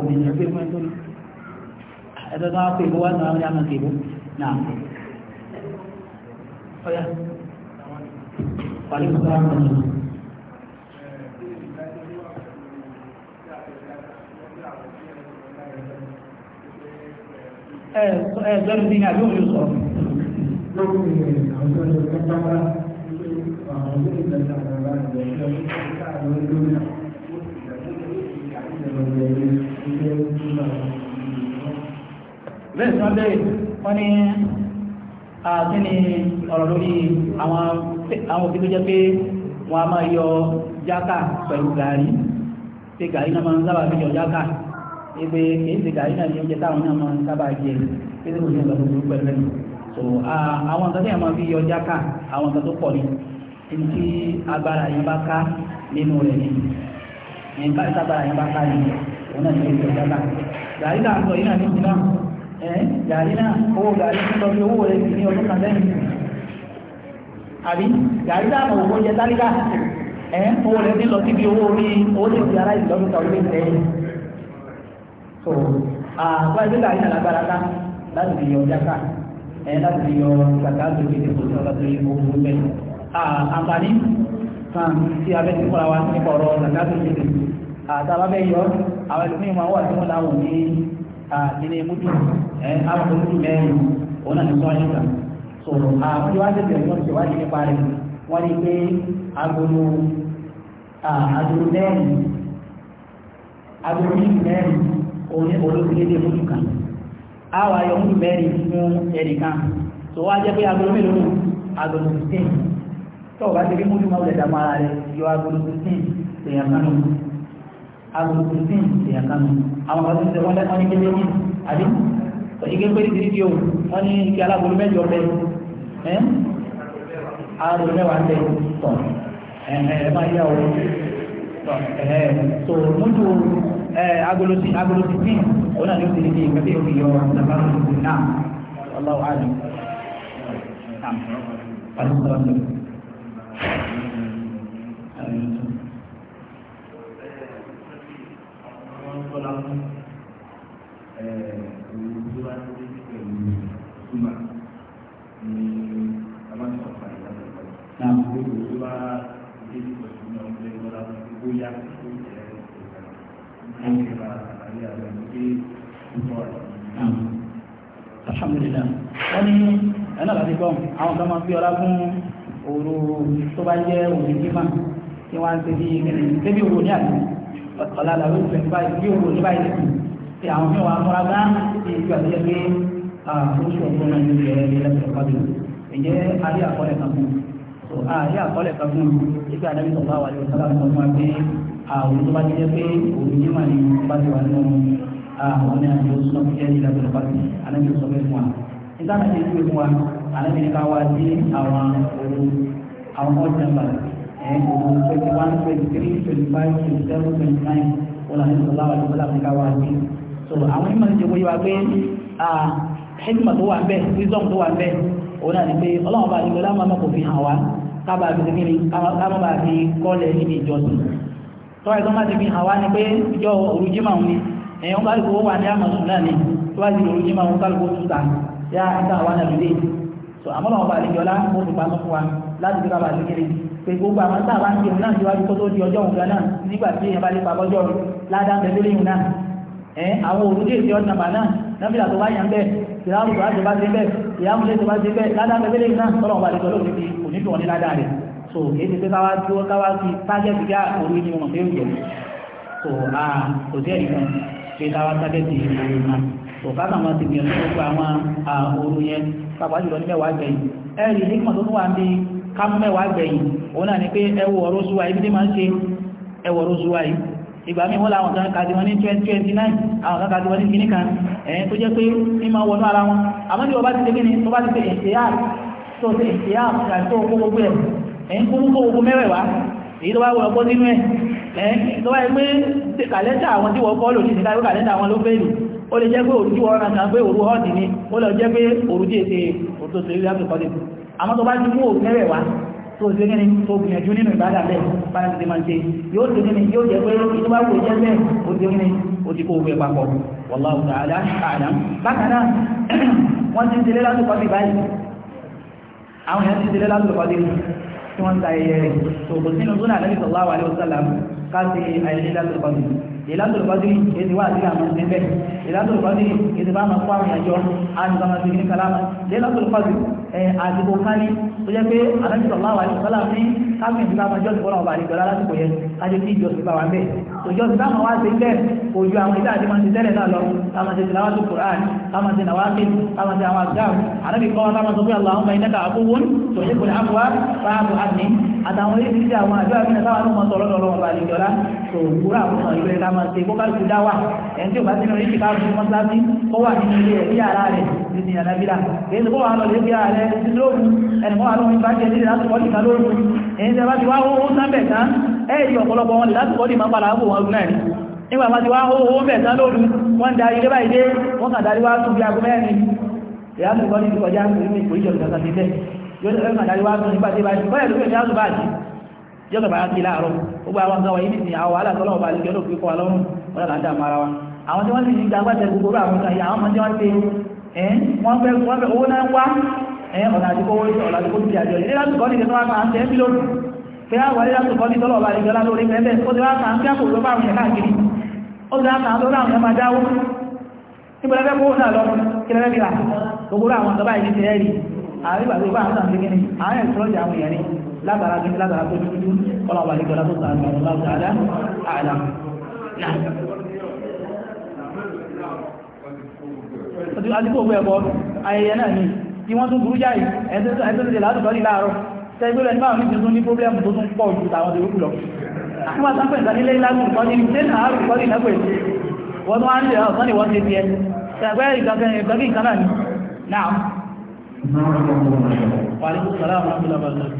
على wa dua ẹ̀tọ́ tó wá pè bó wá náà ní àmà tèbó náà ọ̀yá pàlẹ́ ìgbà àwọn ọ̀nà ẹ̀ẹ́dọ́rù sí ní àbíòrò sọ Thank you bẹ́ẹ̀ tí wọ́n bẹ̀rẹ̀ wọ́n ní àti ní a máa yọ jákà pẹ̀lú gàárì pé gàárì náà máa ń sábà fi yọ jákà ebe kìí ṣe gàárì náà ní oúnjẹ táwọn náà máa ń sábà jẹ pé tí kò sí ìgbàlódé tó pẹ̀lú ẹ̀mí so àwọn nǹkan tí wọ́n máa fi yọ jákà àwọn nǹkan tó pọ̀ ni tí agbára yẹn bá ká nínú rẹ̀ ni nǹkan tí agbára yẹn bá ká nínú rẹ̀ òun náà ní oúnjẹ jákà gàrí náà owó gàrí tó fi owó rẹ̀ ní ọdún kan lẹ́yìn àbí gàrí náà mọ̀ owó eh, tálíkà owó rẹ̀ ní lọ síbi owó orí owó lè fi ara ìlọ́dún kan lórí ìtẹ́yìn so àwọn ẹgbẹ́ gàrí náà lágbára ká láti fi yọ ọjà ká láti fi yọ gàgá tó fi lè fòsí ọ̀gá tó yẹ owó owó bẹ́ẹ̀ àǹfààní kan ah, a bẹ́ ti kọ́ra wa nípa ọ̀rọ̀ gàgá tó fi lè àtàwọn abẹ́ yọ àwọn ẹlòmíì máa wà tí wọ́n láwọn ní kíní mútu àwọn mútu mẹ́rin òun náà sọ so àbúrò wá tẹ̀sẹ̀ ìjọba ṣe wáyé nípa rẹ̀ wọ́n ní pé agolo mẹ́rin agolo mẹ́rin òun ní olóṣèlédè mútu kan àwọn ayọ̀ mútu mẹ́rin fún ẹnìkan so wá pé agolo mélòó agolo sixteen tó mútu máa rẹ̀ yọ agolo agolo àwọn kan tó ń sẹ́wọ́n lẹ́kọ́ ní kékeré àbí ike pé ìdílé tí o wọ́n ní ike alábòlú mẹ́jọ bẹ ẹ́ alábòlú mẹ́wàá bẹ tọ̀ ẹ̀ẹ́ máa yá o tọ̀ ẹ̀ẹ́ tó mútu agolosi agolosi tí òun náà ní òsèlè bíi ìgbàgbé òbí yọ ọ̀sán náà ọlọ́wọ́ àdùn. Thank you. lórí pẹ̀lú súnmà ní amásọ̀fà ìdájọba. Náà gbogbo tó bá dé pẹ̀lú náà ọ̀gbẹ́ lọ́la àwọn ìgbé Alhamdulillah. Wọ́n ní ẹ̀nà láti gbọ́ àwọn kan máa ń fi ọlá fún òru tó bá jẹ́ òru jímà tí wọ́n á ń báyìí bí òru ní báyìí tí àwọn mẹ́wàá múra bá ti ìgbà tó yẹ pé oṣù ọ̀gbọ́n náà ní ìrẹ́ ní ẹlẹ́sìn ọ̀pá bìí ìjẹ́ alẹ́ àkọọ́lẹ̀ kan so alẹ́ àkọọ́lẹ̀ kan fún ìgbà àdábì sọ̀rọ̀ àwọn àlejò sábà sọ fún wa pé àwọn tó bá ti jẹ́ pé òun yìí mà ní bá ti wà nínú àwọn ní àjọ sọ fún jẹ́ ìlànà ọ̀pá bìí àdábì sọ fún wa nígbà tó ti fi fún wa àdábì ní ká wá sí àwọn òun so àwọn ìmọ̀ ti wọ́n yíwa pé hikma tó wà ń bẹ wisdom tó wà ń bẹ òun náà ni pé ọlọ́run bá nílò láwọn ọmọ kò fi hàn wá kábàá fi kíni kábàá bá fi kọ́lẹ̀ níbi ìjọsìn tọ́wọ́ ìtọ́ máa ti fi hàn wá ni pé ìjọ òru ni ẹ̀yàn bá gbogbo wà ní àmọ̀sùn náà ni tó bá ti òru jímà òun kálukú tún ta yá ìta àwọn àlùdé so àmọ́ lọ́wọ́ bá nílò láwọn kò fi pa mọ́ fún wa láti fi kábàá fi kíni pé gbogbo àwọn tá a bá ń jẹun náà síwájú kó tó di ọjọ́ òun gan náà nígbà tí èèyàn bá lè pa bọ́jọ́ ládàá pẹ̀lú lẹ́yìn náà ẹ̀ àwọn òrùlé ìṣe ọ̀nà bàná náfìlà tó bá yàn bẹ́ẹ̀ ìyáàmù tó bá ti bá ti bẹ́ẹ̀ ìyáàmù tó bá ti bẹ́ẹ̀ ládàá pẹ̀lẹ́ náà tọ́lọ̀ wà lẹ́tọ́ lórí ti òní tó wọn ní ládàá rẹ̀ so èyí ti pé káwá tí ó káwá fi tágẹ́tì já òru ni wọn fẹ́ẹ́ yẹn so kò sí ẹ̀rí kan pé káwá tágẹ́tì òru náà so káàkà wọn ti gbìyànjú gbogbo àwọn òru yẹn pàpà jùlọ ní mẹ́wàá gbẹ̀yìn ẹ̀rí nígbà tó tún wà ní kámú mẹ́wàá gbẹ̀yìn òun náà ni pé ìgbà míì wọ́n láwọn kan kàdí wọn ní 2029 àwọn kan ní kìíní kan ẹ̀yìn tó jẹ́ pé ní máa wọnú ara wọn àmọ́ ní ọba ti ṣe kíni tó bá ti ṣe ìṣẹ́yà tó ṣe ìṣẹ́yà àti tó kó gbogbo ẹ̀ ẹ̀yìn kó gbogbo gbogbo mẹ́wẹ̀wá èyí tó bá wọ ọkọ́ nínú ẹ̀ ẹ̀yìn tó bá yẹ pé kàlẹ́ńdà àwọn tí wọ́n kọ́ lò ní ìdájọ́ kàlẹ́ńdà àwọn ló fẹ́ẹ̀lì ó lè jẹ́ pé òrùjú ọ̀rọ̀ kan pé òru ọ́ọ̀dì ni ó lè jẹ́ pé òrùjú èsè òtòsílẹ̀ àbùkọ́dẹ̀ àmọ́ tó bá ti mú òun mẹ́rẹ̀wá tó ṣe kíni tó gbìyànjú nínú ìbádà bẹ́ẹ̀ báyìí ti máa ń ṣe yóò ṣe kíni yóò jẹ́ pé ìlú bá wò jẹ́ bẹ́ẹ̀ ó ṣe kíni ó ti kó gbé papọ̀ wallahu ta'ala a'lam bákan náà wọ́n ti ń ṣe lẹ́lá tó kọ́ sí báyìí sallallahu alaihi wasallam ká sí ayẹyẹ lẹ́lá tó ìlàtọ̀ lọ́dún èdè wà sí àmọ́ ẹgbẹ́ ìlàtọ̀ lọ́dún èdè bá máa kó àwọn ìyàjọ́ àdìbàmọ́ sí kíní kalama ìlàtọ̀ lọ́dún àdìbò kání tó jẹ́ pé alájọ́sọ̀láwà ìṣọ́lá ní káfíńtì bá máa jọ́sìn bọ́lá ọba àdìgbọ́lá lásìkò òjò ìdáhùn wá sí ilẹ̀ òjò àwọn ilé àti màtí tẹ́lẹ̀ náà lọ táwọn ti tìlàwá tó kùrán táwọn ti nàwá sí táwọn ti àwọn àgbà àdàbí kọ́ táwọn sọ pé Allahumma innaka afuwwun tó yẹ kùnà àbúwá fáàbù àmì àtàwọn ilé títí àwọn àjọ àbínà táwọn ló mọ sọ̀rọ̀ lọ́rọ̀ ọba àlejòlá tó wúrà àwọn ọmọ ìlú ẹ̀ka máa ṣe kó kálukú dá wà ẹni tí ò bá sínú orí ti kárùn fún mọ́sáàsì kó wà nínú ilé ẹ̀rí ara rẹ̀ nínú ìyànà bílà èyí tó wà lọ lè ẹ̀ẹ́dì ọ̀pọ̀lọpọ̀ wọn láti kọ́ dì máa padà ápò wọn náà nígbà máa ti wá owó mẹ́ta lóòrù wọ́n darí lébà ìdé wọ́n kà darí wá tún bí agbó mẹ́rin ìyá tó kọ́ ní ti kọjá ní ìpòlíṣọ̀ ìjọba ti tẹ́ yóò lọ́wọ́ darí wá tún nípa tí bá ti bọ́yẹ̀ lóòrù ní àtúbà àti yọ́kà bá ti láàárọ̀ gbogbo àwọn nǹkan wọ̀nyí nìsín àwọn wàhálà tọ́lọ́wọ́ bá lè lóòrù kọ́ lọ́rùn wọ́n lọ́la dá mara wa àwọn tí wọ́n sì ń dagbàtẹ̀ gbogbo àwọn kan yà àwọn ọmọdé wọ́n ti wọ́n fẹ́ owó náà wá ọ̀nà àdìgbò ọ̀nà àdìgbò ti àjọ ìdílé láti kọ́ ní ìdílé wọn máa ń tẹ́ sí lóòrù pé àwọn ilé àtòkọ ní tọ́lọ̀ ọba ìjọlá lórí pẹ́ẹ́bẹ́ ó ti wá ta ń kẹ́kọ̀ọ́ ló bá àwọn ẹ̀ka àkiri ó ti wá ta ń lórí àwọn ẹ̀ma jáwó níbo lẹ́fẹ́ kó náà lọ kí lẹ́fẹ́ bí ra gbogbo àwọn ọ̀dọ́ báyìí ti ẹ̀rí àwọn ìgbà tó bá àwọn àti kíni àwọn ẹ̀sọ́jà àwọn èèyàn ní lágbára kíni lágbára tó dúdú kọ́lọ̀ ọba ìjọlá tó ta àwọn ọ̀dọ́ àdá àdá àdìpọ̀ ògbẹ́ ẹ̀bọ ayẹyẹ náà ni bí wọ́n tún burú jáì ẹ̀sẹ̀ tó ti tẹ́gbẹ́rẹ́ ní àwọn ìjọ ní pọ́blẹ́mù tó tún pọ̀ ju tàwọn tó rúkú lọ nígbà tán pẹ̀lú ìdánilé lágùn kọ́ ní ṣé náà rú kọ́ ní ìlẹ́gbẹ̀ sí wọ́n tó wá ń lè ọ̀sán ni wọ́n ṣe ti ẹ tẹ́gbẹ́ ìgbàgbẹ́ ìgbàgbé ìkan náà ni náà wàlé kó sọ̀rọ̀ àwọn ọmọdé lọ́wọ́ lọ́wọ́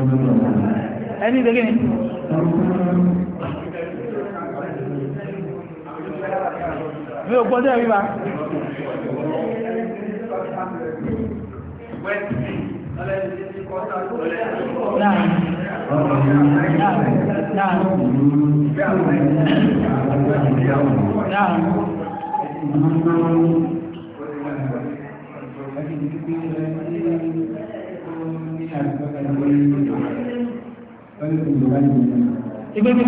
Thank you ẹni ìdẹ́gẹ́ ni mi ò gbọ́dọ̀ rí ma Thank you. Ìgbé bí?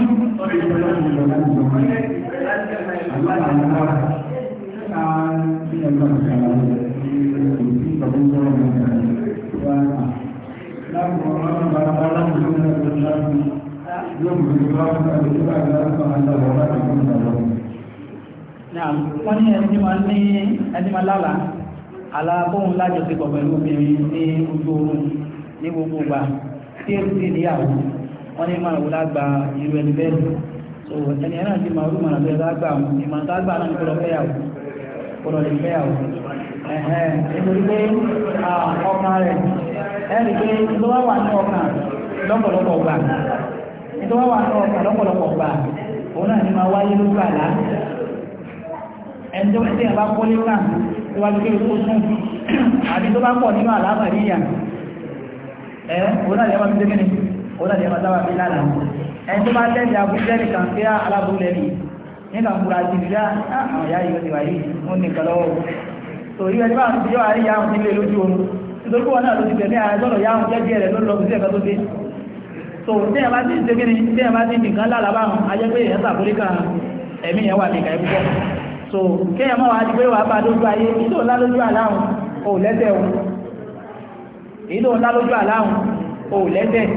Wọ́n ní ẹni máa ní ẹni máa lálàá, alábóhun lájọ́ ti pọ̀ pẹ̀lú obìnrin ní ojú oorun ní gbogbo ìgbà tí ó sì níyàwó wọ́n ní máa wò lágbà irú ẹni bẹ́ẹ̀ so ẹni ẹ̀rọ àti màálù màálù bẹ́ẹ̀ lágbà ìmọ̀ lágbà náà kọ́lọ̀ fẹ́ yàwó kọ́lọ̀ lè fẹ́ yàwó ẹ̀hẹ́n nítorí pé ọkàn rẹ̀ ẹ̀rì pé tó wá wà ní ọkàn lọ́pọ̀lọpọ̀ gbà tó wá wà ní ọkàn lọ́pọ̀lọpọ̀ gbà òun náà lá ẹni tó bẹ́ẹ̀ bá kọ́lé náà tó lókè tó sùn àbí tó bá pọ̀ nínú àlámà yíyà ẹ̀ òun náà lè máa fi dé ó náà ní ẹmọ sábà bí lánàá ẹni tó bá tẹ́lẹ̀ abúlé nìkan pé alábúlé rí nígbà múra ti rí àwọn ìyá yìí ó ti wà yìí ó ní nǹkan lọ́wọ́ tó yíyá tí bá ti yọ àrí yàrá ti lé lójú oru nítorí wọn náà ló ti tẹ̀lé ààrẹ sọ̀rọ̀ yàrá jẹ́ díẹ̀ rẹ̀ ló lọ sí ẹ̀ka tó dé tó tẹ́yà bá ti ṣe kíni tẹ́yà bá ti nìkan lálàbà ajẹ́ pé ẹ̀sà àforíkà ẹ̀mí yẹn wà nìkan ẹ̀kú pọ̀ so kéèyàn máa wà á di pé wàá bá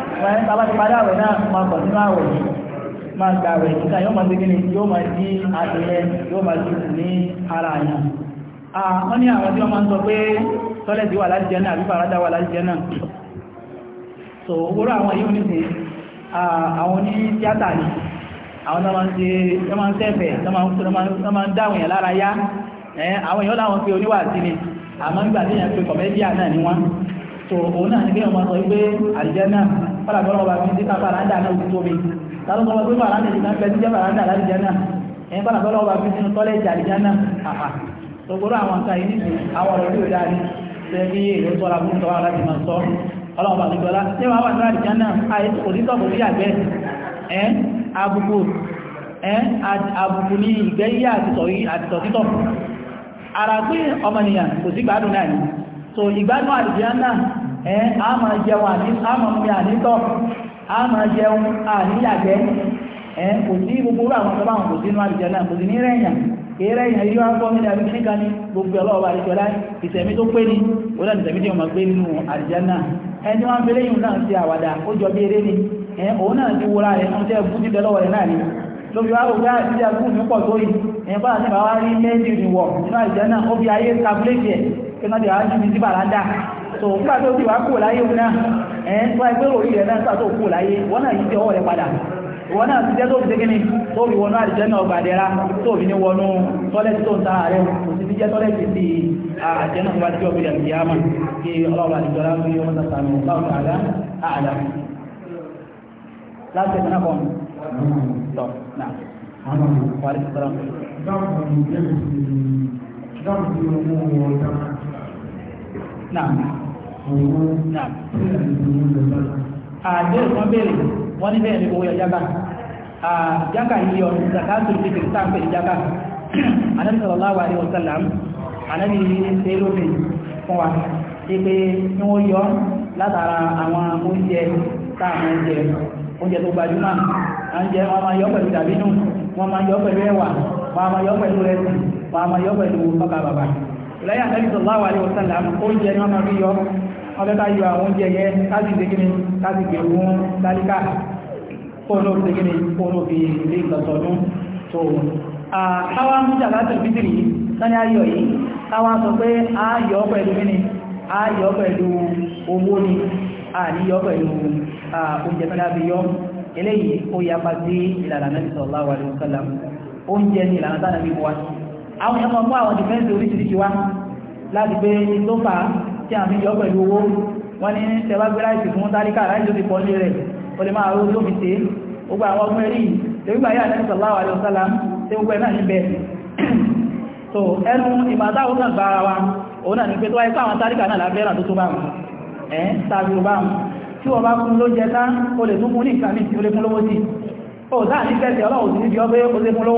ẹ̀ bàbá ti parí àwẹ̀ náà máa pọ̀ nínú àwẹ̀ yìí máa gba àwẹ̀ níta yóò máa gbégé ni yóò máa di àtẹ̀yẹ yóò máa di ní ara yẹn. wọ́n ní àwọn tí wọ́n máa ń sọ pé tọ́lẹ̀tì wà láti jẹ́ náà àbí farada wà láti jẹ́ náà. so owóró àwọn yóò ní sìn àwọn ní tíátà ni àwọn náà máa ń ṣe wọ́n máa ń sẹ́fẹ̀ wọ́n máa ń dáwọn yẹn lára yá àwọn èèyàn láwọn pé oníwàásí ni àmọ́ nígbà tí èèyàn so òun náà ní bí wọ́n sọ pé àlìjẹ́ náà kọ́lá bọ́lá ọba bíi síta faranda náà ti tóbi tàbí ọba pé faranda yìí náà bẹ́ẹ̀ ti jẹ́ faranda láti jẹ́ náà ẹ̀yìn kọ́lá bọ́lá ọba bíi sínú tọ́lẹ̀ jàlí jẹ́ náà àhà tòkòrò àwọn nǹkan yìí nìkú àwọn ọ̀rọ̀ yóò dáa ní sẹ́bí èyí tó ra fún tọ́wọ́ láti máa sọ ọlọ́run bá gbogbo ọlá tí wọ́n wà ní àdìjá náà àyè so ìgbádùn àdìjá náà ẹ a máa jẹun àní a máa mú ya a máa jẹun ẹ kò sí gbogbo àwọn ya báwọn kò sínú àbìjẹ náà kò sí ní rẹ̀yàn kéré yẹn yíwá ń nílẹ̀ àbí kíníkà ní gbogbo ọlọ́ọ̀bà àdìjọ láì ìsẹ̀mí tó pé ní ó dà tí wọ́n máa gbé nínú ya náà ẹni wọ́n fi ya náà ṣe àwàdà ó jọ bí eré ni ẹ òun náà ti wúra rẹ̀ tẹ́ rẹ̀ náà ni wá gbogbo ah, àti pọ̀ tó yìí ẹ̀yìn bá àti rí méjì ìwọ̀ nínú náà ó fi ayé kí wọ́n ti wá jù sí bàrádà tó nígbà tó ti wá kú láyé òun náà ẹ̀ ń tó ẹgbẹ́ orí rẹ̀ náà nígbà tó kú láyé wọ́n náà yí ti ọwọ́ rẹ̀ padà wọ́n náà ti jẹ́ tó fi ṣe kíni tó fi wọnú àdìjẹ́ náà gbàdẹ́ra tó fi ní wọnú tọ́lẹ́tì tó ń tara rẹ̀ kò sí ti jẹ́ tọ́lẹ́tì ti àjẹ́ náà wá sí ọ̀gbìn ẹ̀mí yáàmà kí ọlọ́run àdìjọ́ láti fi wọ́n tàbí ọ̀gbìn àdá àdá láti ẹ̀mí náà kọ́ tọ́ náà wà á lè sọ́ra náà náà àdéhùn wọn béèrè wọn ní bẹ́ẹ̀ ní owó ẹ̀jágà àjágà yíyọ zakatul fitr sáàpé ìjágà anábì sallallahu alaihi wasallam anábì tẹ́lómi fún wa ṣe pé ní wọ́n yọ látara àwọn oúnjẹ táàmù oúnjẹ oúnjẹ tó gbajúmọ̀ oúnjẹ wọn máa yọ pẹ̀lú dàbínú wọn máa yọ pẹ̀lú ẹ̀wà wọn máa yọ pẹ̀lú ẹ̀sìn wọn máa yọ pẹ̀lú ọkà bàbà láyé àtàrí sallallahu alaihi wasallam oúnjẹ ni wọ́n máa fi yọ ọjọ́ tá yọ àwọn oúnjẹ yẹn láti ṣe kíni láti gbé fún lálíkà fóònù òfin kíni fóònù òfin ilé ìtọ̀sọ̀nù tó àwọn amújà láti fìtìrì sani ayọ̀ yìí táwọn sọ pé a yọ pẹ̀lú kíni a yọ pẹ̀lú owó ni a ní yọ pẹ̀lú oúnjẹ tó dábí yọ eléyìí ó yapa sí ìlànà Nabi sallallahu alaihi wasallam oúnjẹ ni ìlànà tánàbí wá àwọn èèyàn máa mú àwọn dìfẹ́ǹsì oríṣiríṣi wá láti pé ló fà á tí àmì yọ pẹ̀lú owó wọ́n ní tẹ́wá gbé láìsí fún tálíkà láì ló ti pọ̀ lé rẹ̀ ó lè máa ró ló fi ṣe gbogbo àwọn ọmọ eré yìí lórí báyà ní sallallahu alaihi wasallam tí gbogbo ẹ̀ náà níbẹ̀ so ẹnu ìmọ̀táwọn náà gbára wa òun náà ní pé tó wáyé fáwọn tálíkà náà lábẹ́rà tó tó bá wọn ẹ̀ tàbí ò bá wọn tí wọ́n bá kún ló jẹ tán ó lè tún mú ní ìkàmì tí ó lè fún lówó sí ó sáà ní fẹ́ẹ̀sì ọlọ́run sí ibi ọgbẹ́ ó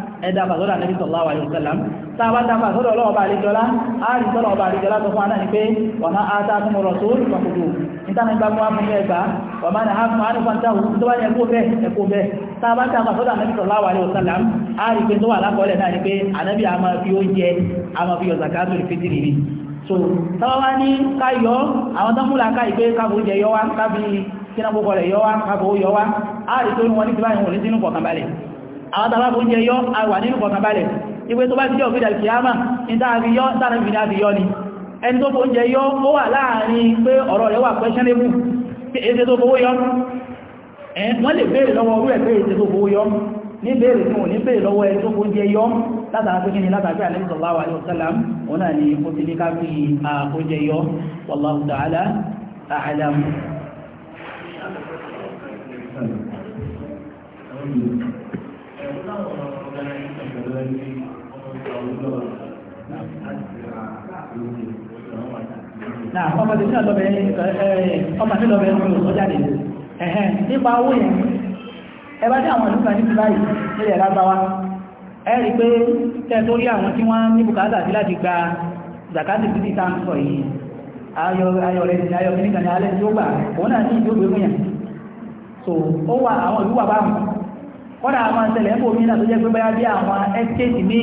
ẹ̀dá pàtọ́dà Nabi sallallahu alaihi wasallam sábàtà pàtọ́dọ̀ ọlọ́ọ̀bà àríjọlá àríjọlọ́ọ̀bà àríjọlá tó fún aláàrin pé wa ma atakum rasul fàkùdù ìtànà ìgbà mú àmúlẹ̀ ẹgbà wa ma nahakum anhu fantahu tó bá ní ẹkú bẹ́ ẹkú bẹ́ sábàtà pàtọ́dà Nabi sallallahu alaihi wasallam àrí pé tó wà lápọ̀ọ́lẹ̀ náà ni pé ànábì a máa fi oúnjẹ a máa fi yọ zakatul fitri rí so tọ́wọ́ ní káyọ́ àwọn tó múlá káyì pé káàbù jẹ yọ wá káàbì kí náà gbogbo rẹ̀ àwọn tàbá fún jẹ yọ́ a wà nínú kọ̀ọ̀kan balẹ̀ ìwé tó bá ti jẹ́ òfin dàbí kìámà ìdáàbíyọ́ ìdáàbíyọ́ ni ẹni tó fún jẹ yọ́ ó wà láàrin pé ọ̀rọ̀ rẹ̀ wà questionable èsè tó wọ́n lè béèrè lọ́wọ́ orú ẹ̀ pé tó fowó yọ́ ní béèrè fún òní béèrè lọ́wọ́ ẹni tó fún jẹ yọ́ látara pé kíni látàrí àlẹ́ sallallahu alaihi ni ó ti ní ká àkójẹ yọ wallahu náà ọmọ tèmi náà lọ́bẹ̀ ọmọ mi lọ́bẹ̀ ẹ̀rọ ìwòsàn jáde ẹ̀hẹ́n nípa owó yẹn ẹ bá dé àwọn ìlú kan níbi báyìí nílẹ̀ lágbáwá ẹ rí pé tẹ́ tó rí àwọn tí wọ́n ní bùkátà sí láti gba zakati títí tá ń sọ yìí ayọ̀ ayọ̀ rẹ̀ ní ayọ̀ kìnnìkan ní alẹ́ tí ó gbà òun náà ní ìjókòó fún yẹn so ó wà àwọn ìlú wà báwọn kọ́dà àwọn ìṣẹ̀lẹ̀ ẹ̀kọ́ omi náà tó jẹ́ pé báyá bí àwọn ẹ́stéètì míì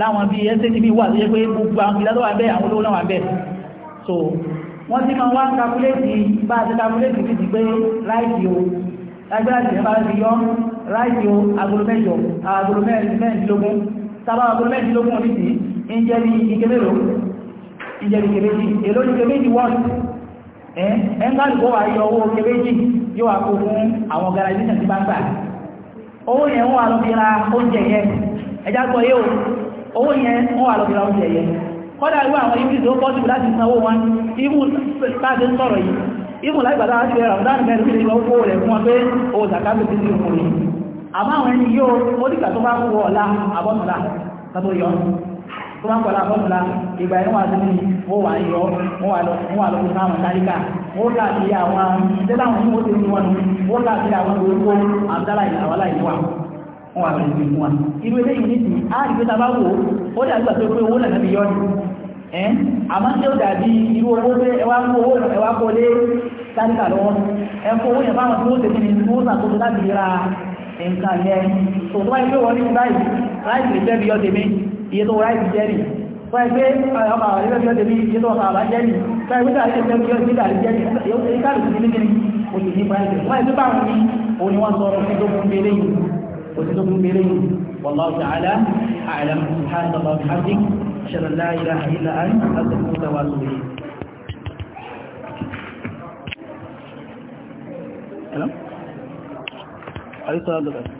láwọn bí ẹ́stéètì míì wà tó jẹ́ pé gbogbo àwọn ìlàtọ̀ wà bẹ́ẹ̀ àwọn olówó náà wà bẹ́ẹ̀ so wọ́n ti máa wá ń kakuléètì bá a ti kakuléètì ti di pé ráìtì o lágbára ti ẹ̀ bá ti yọ ráìtì o agolo mẹ́jọ agolo mẹ́rìndínlógún sábà agolo mẹ́rìndínlógún òní sí ìjẹ́ ní ike mélòó ìjẹ́ ní kèméjì èló ní kèméjì wọ́n ẹ̀ ẹ̀ ń gbàdúgbò wà yọ owó kèméjì yóò wá kó fún àwọn organisation ti bá ń gbà owó yẹn wọ́n wà lọ fi ra oúnjẹ yẹn ẹ̀já gbọ́ yóò owó yẹn wọ́n wà lọ fi ra oúnjẹ yẹn kọ́dá irú àwọn ibi tó pọ́jú láti sanwó wọn imú láti ń sọ̀rọ̀ yìí imú láti bàtà láti ramadan mẹ́rin sí ìwọ̀n kó rẹ̀ fún ọgbẹ́ o zakato ti sí òun yìí àmá àwọn ẹni yóò ó dìgbà tó bá kúrò ọ̀la àbọ́nùlá tàbí yọ tó bá kọ̀ọ̀lá àbọ́nùlá ìgbà ẹ̀rọ wà sí ó wà yọ wọ́n wà lọ́kùn sáwọn tàríkà ó láti àwọn tẹ́láwọn ó ti rí wọn ó láti àwọn olóko àbdálà ìlàwálà ìlú wa wọn wà bẹ̀rẹ̀ fún wa irú eléyìí ní ti á rí bá wò ó dàbí tó pé owó lànà bí yọ ni ẹ àmọ́ ó dàbí irú owó pé ẹ kó owó ẹ kó lé sáríkà lọ́wọ́ ẹ owó yẹn báwọn tó ṣe kí ni tó ṣàkóso láti ra nǹkan yẹn tó tó pé wọ́n ní báyìí láìsí lè fẹ́ bí iye وتدخل إليه والله تعالى أعلم سبحانك الله وبحمدك أشهد أن لا إله إلا أنت أستغفرك وأتوب إليك Hello? Are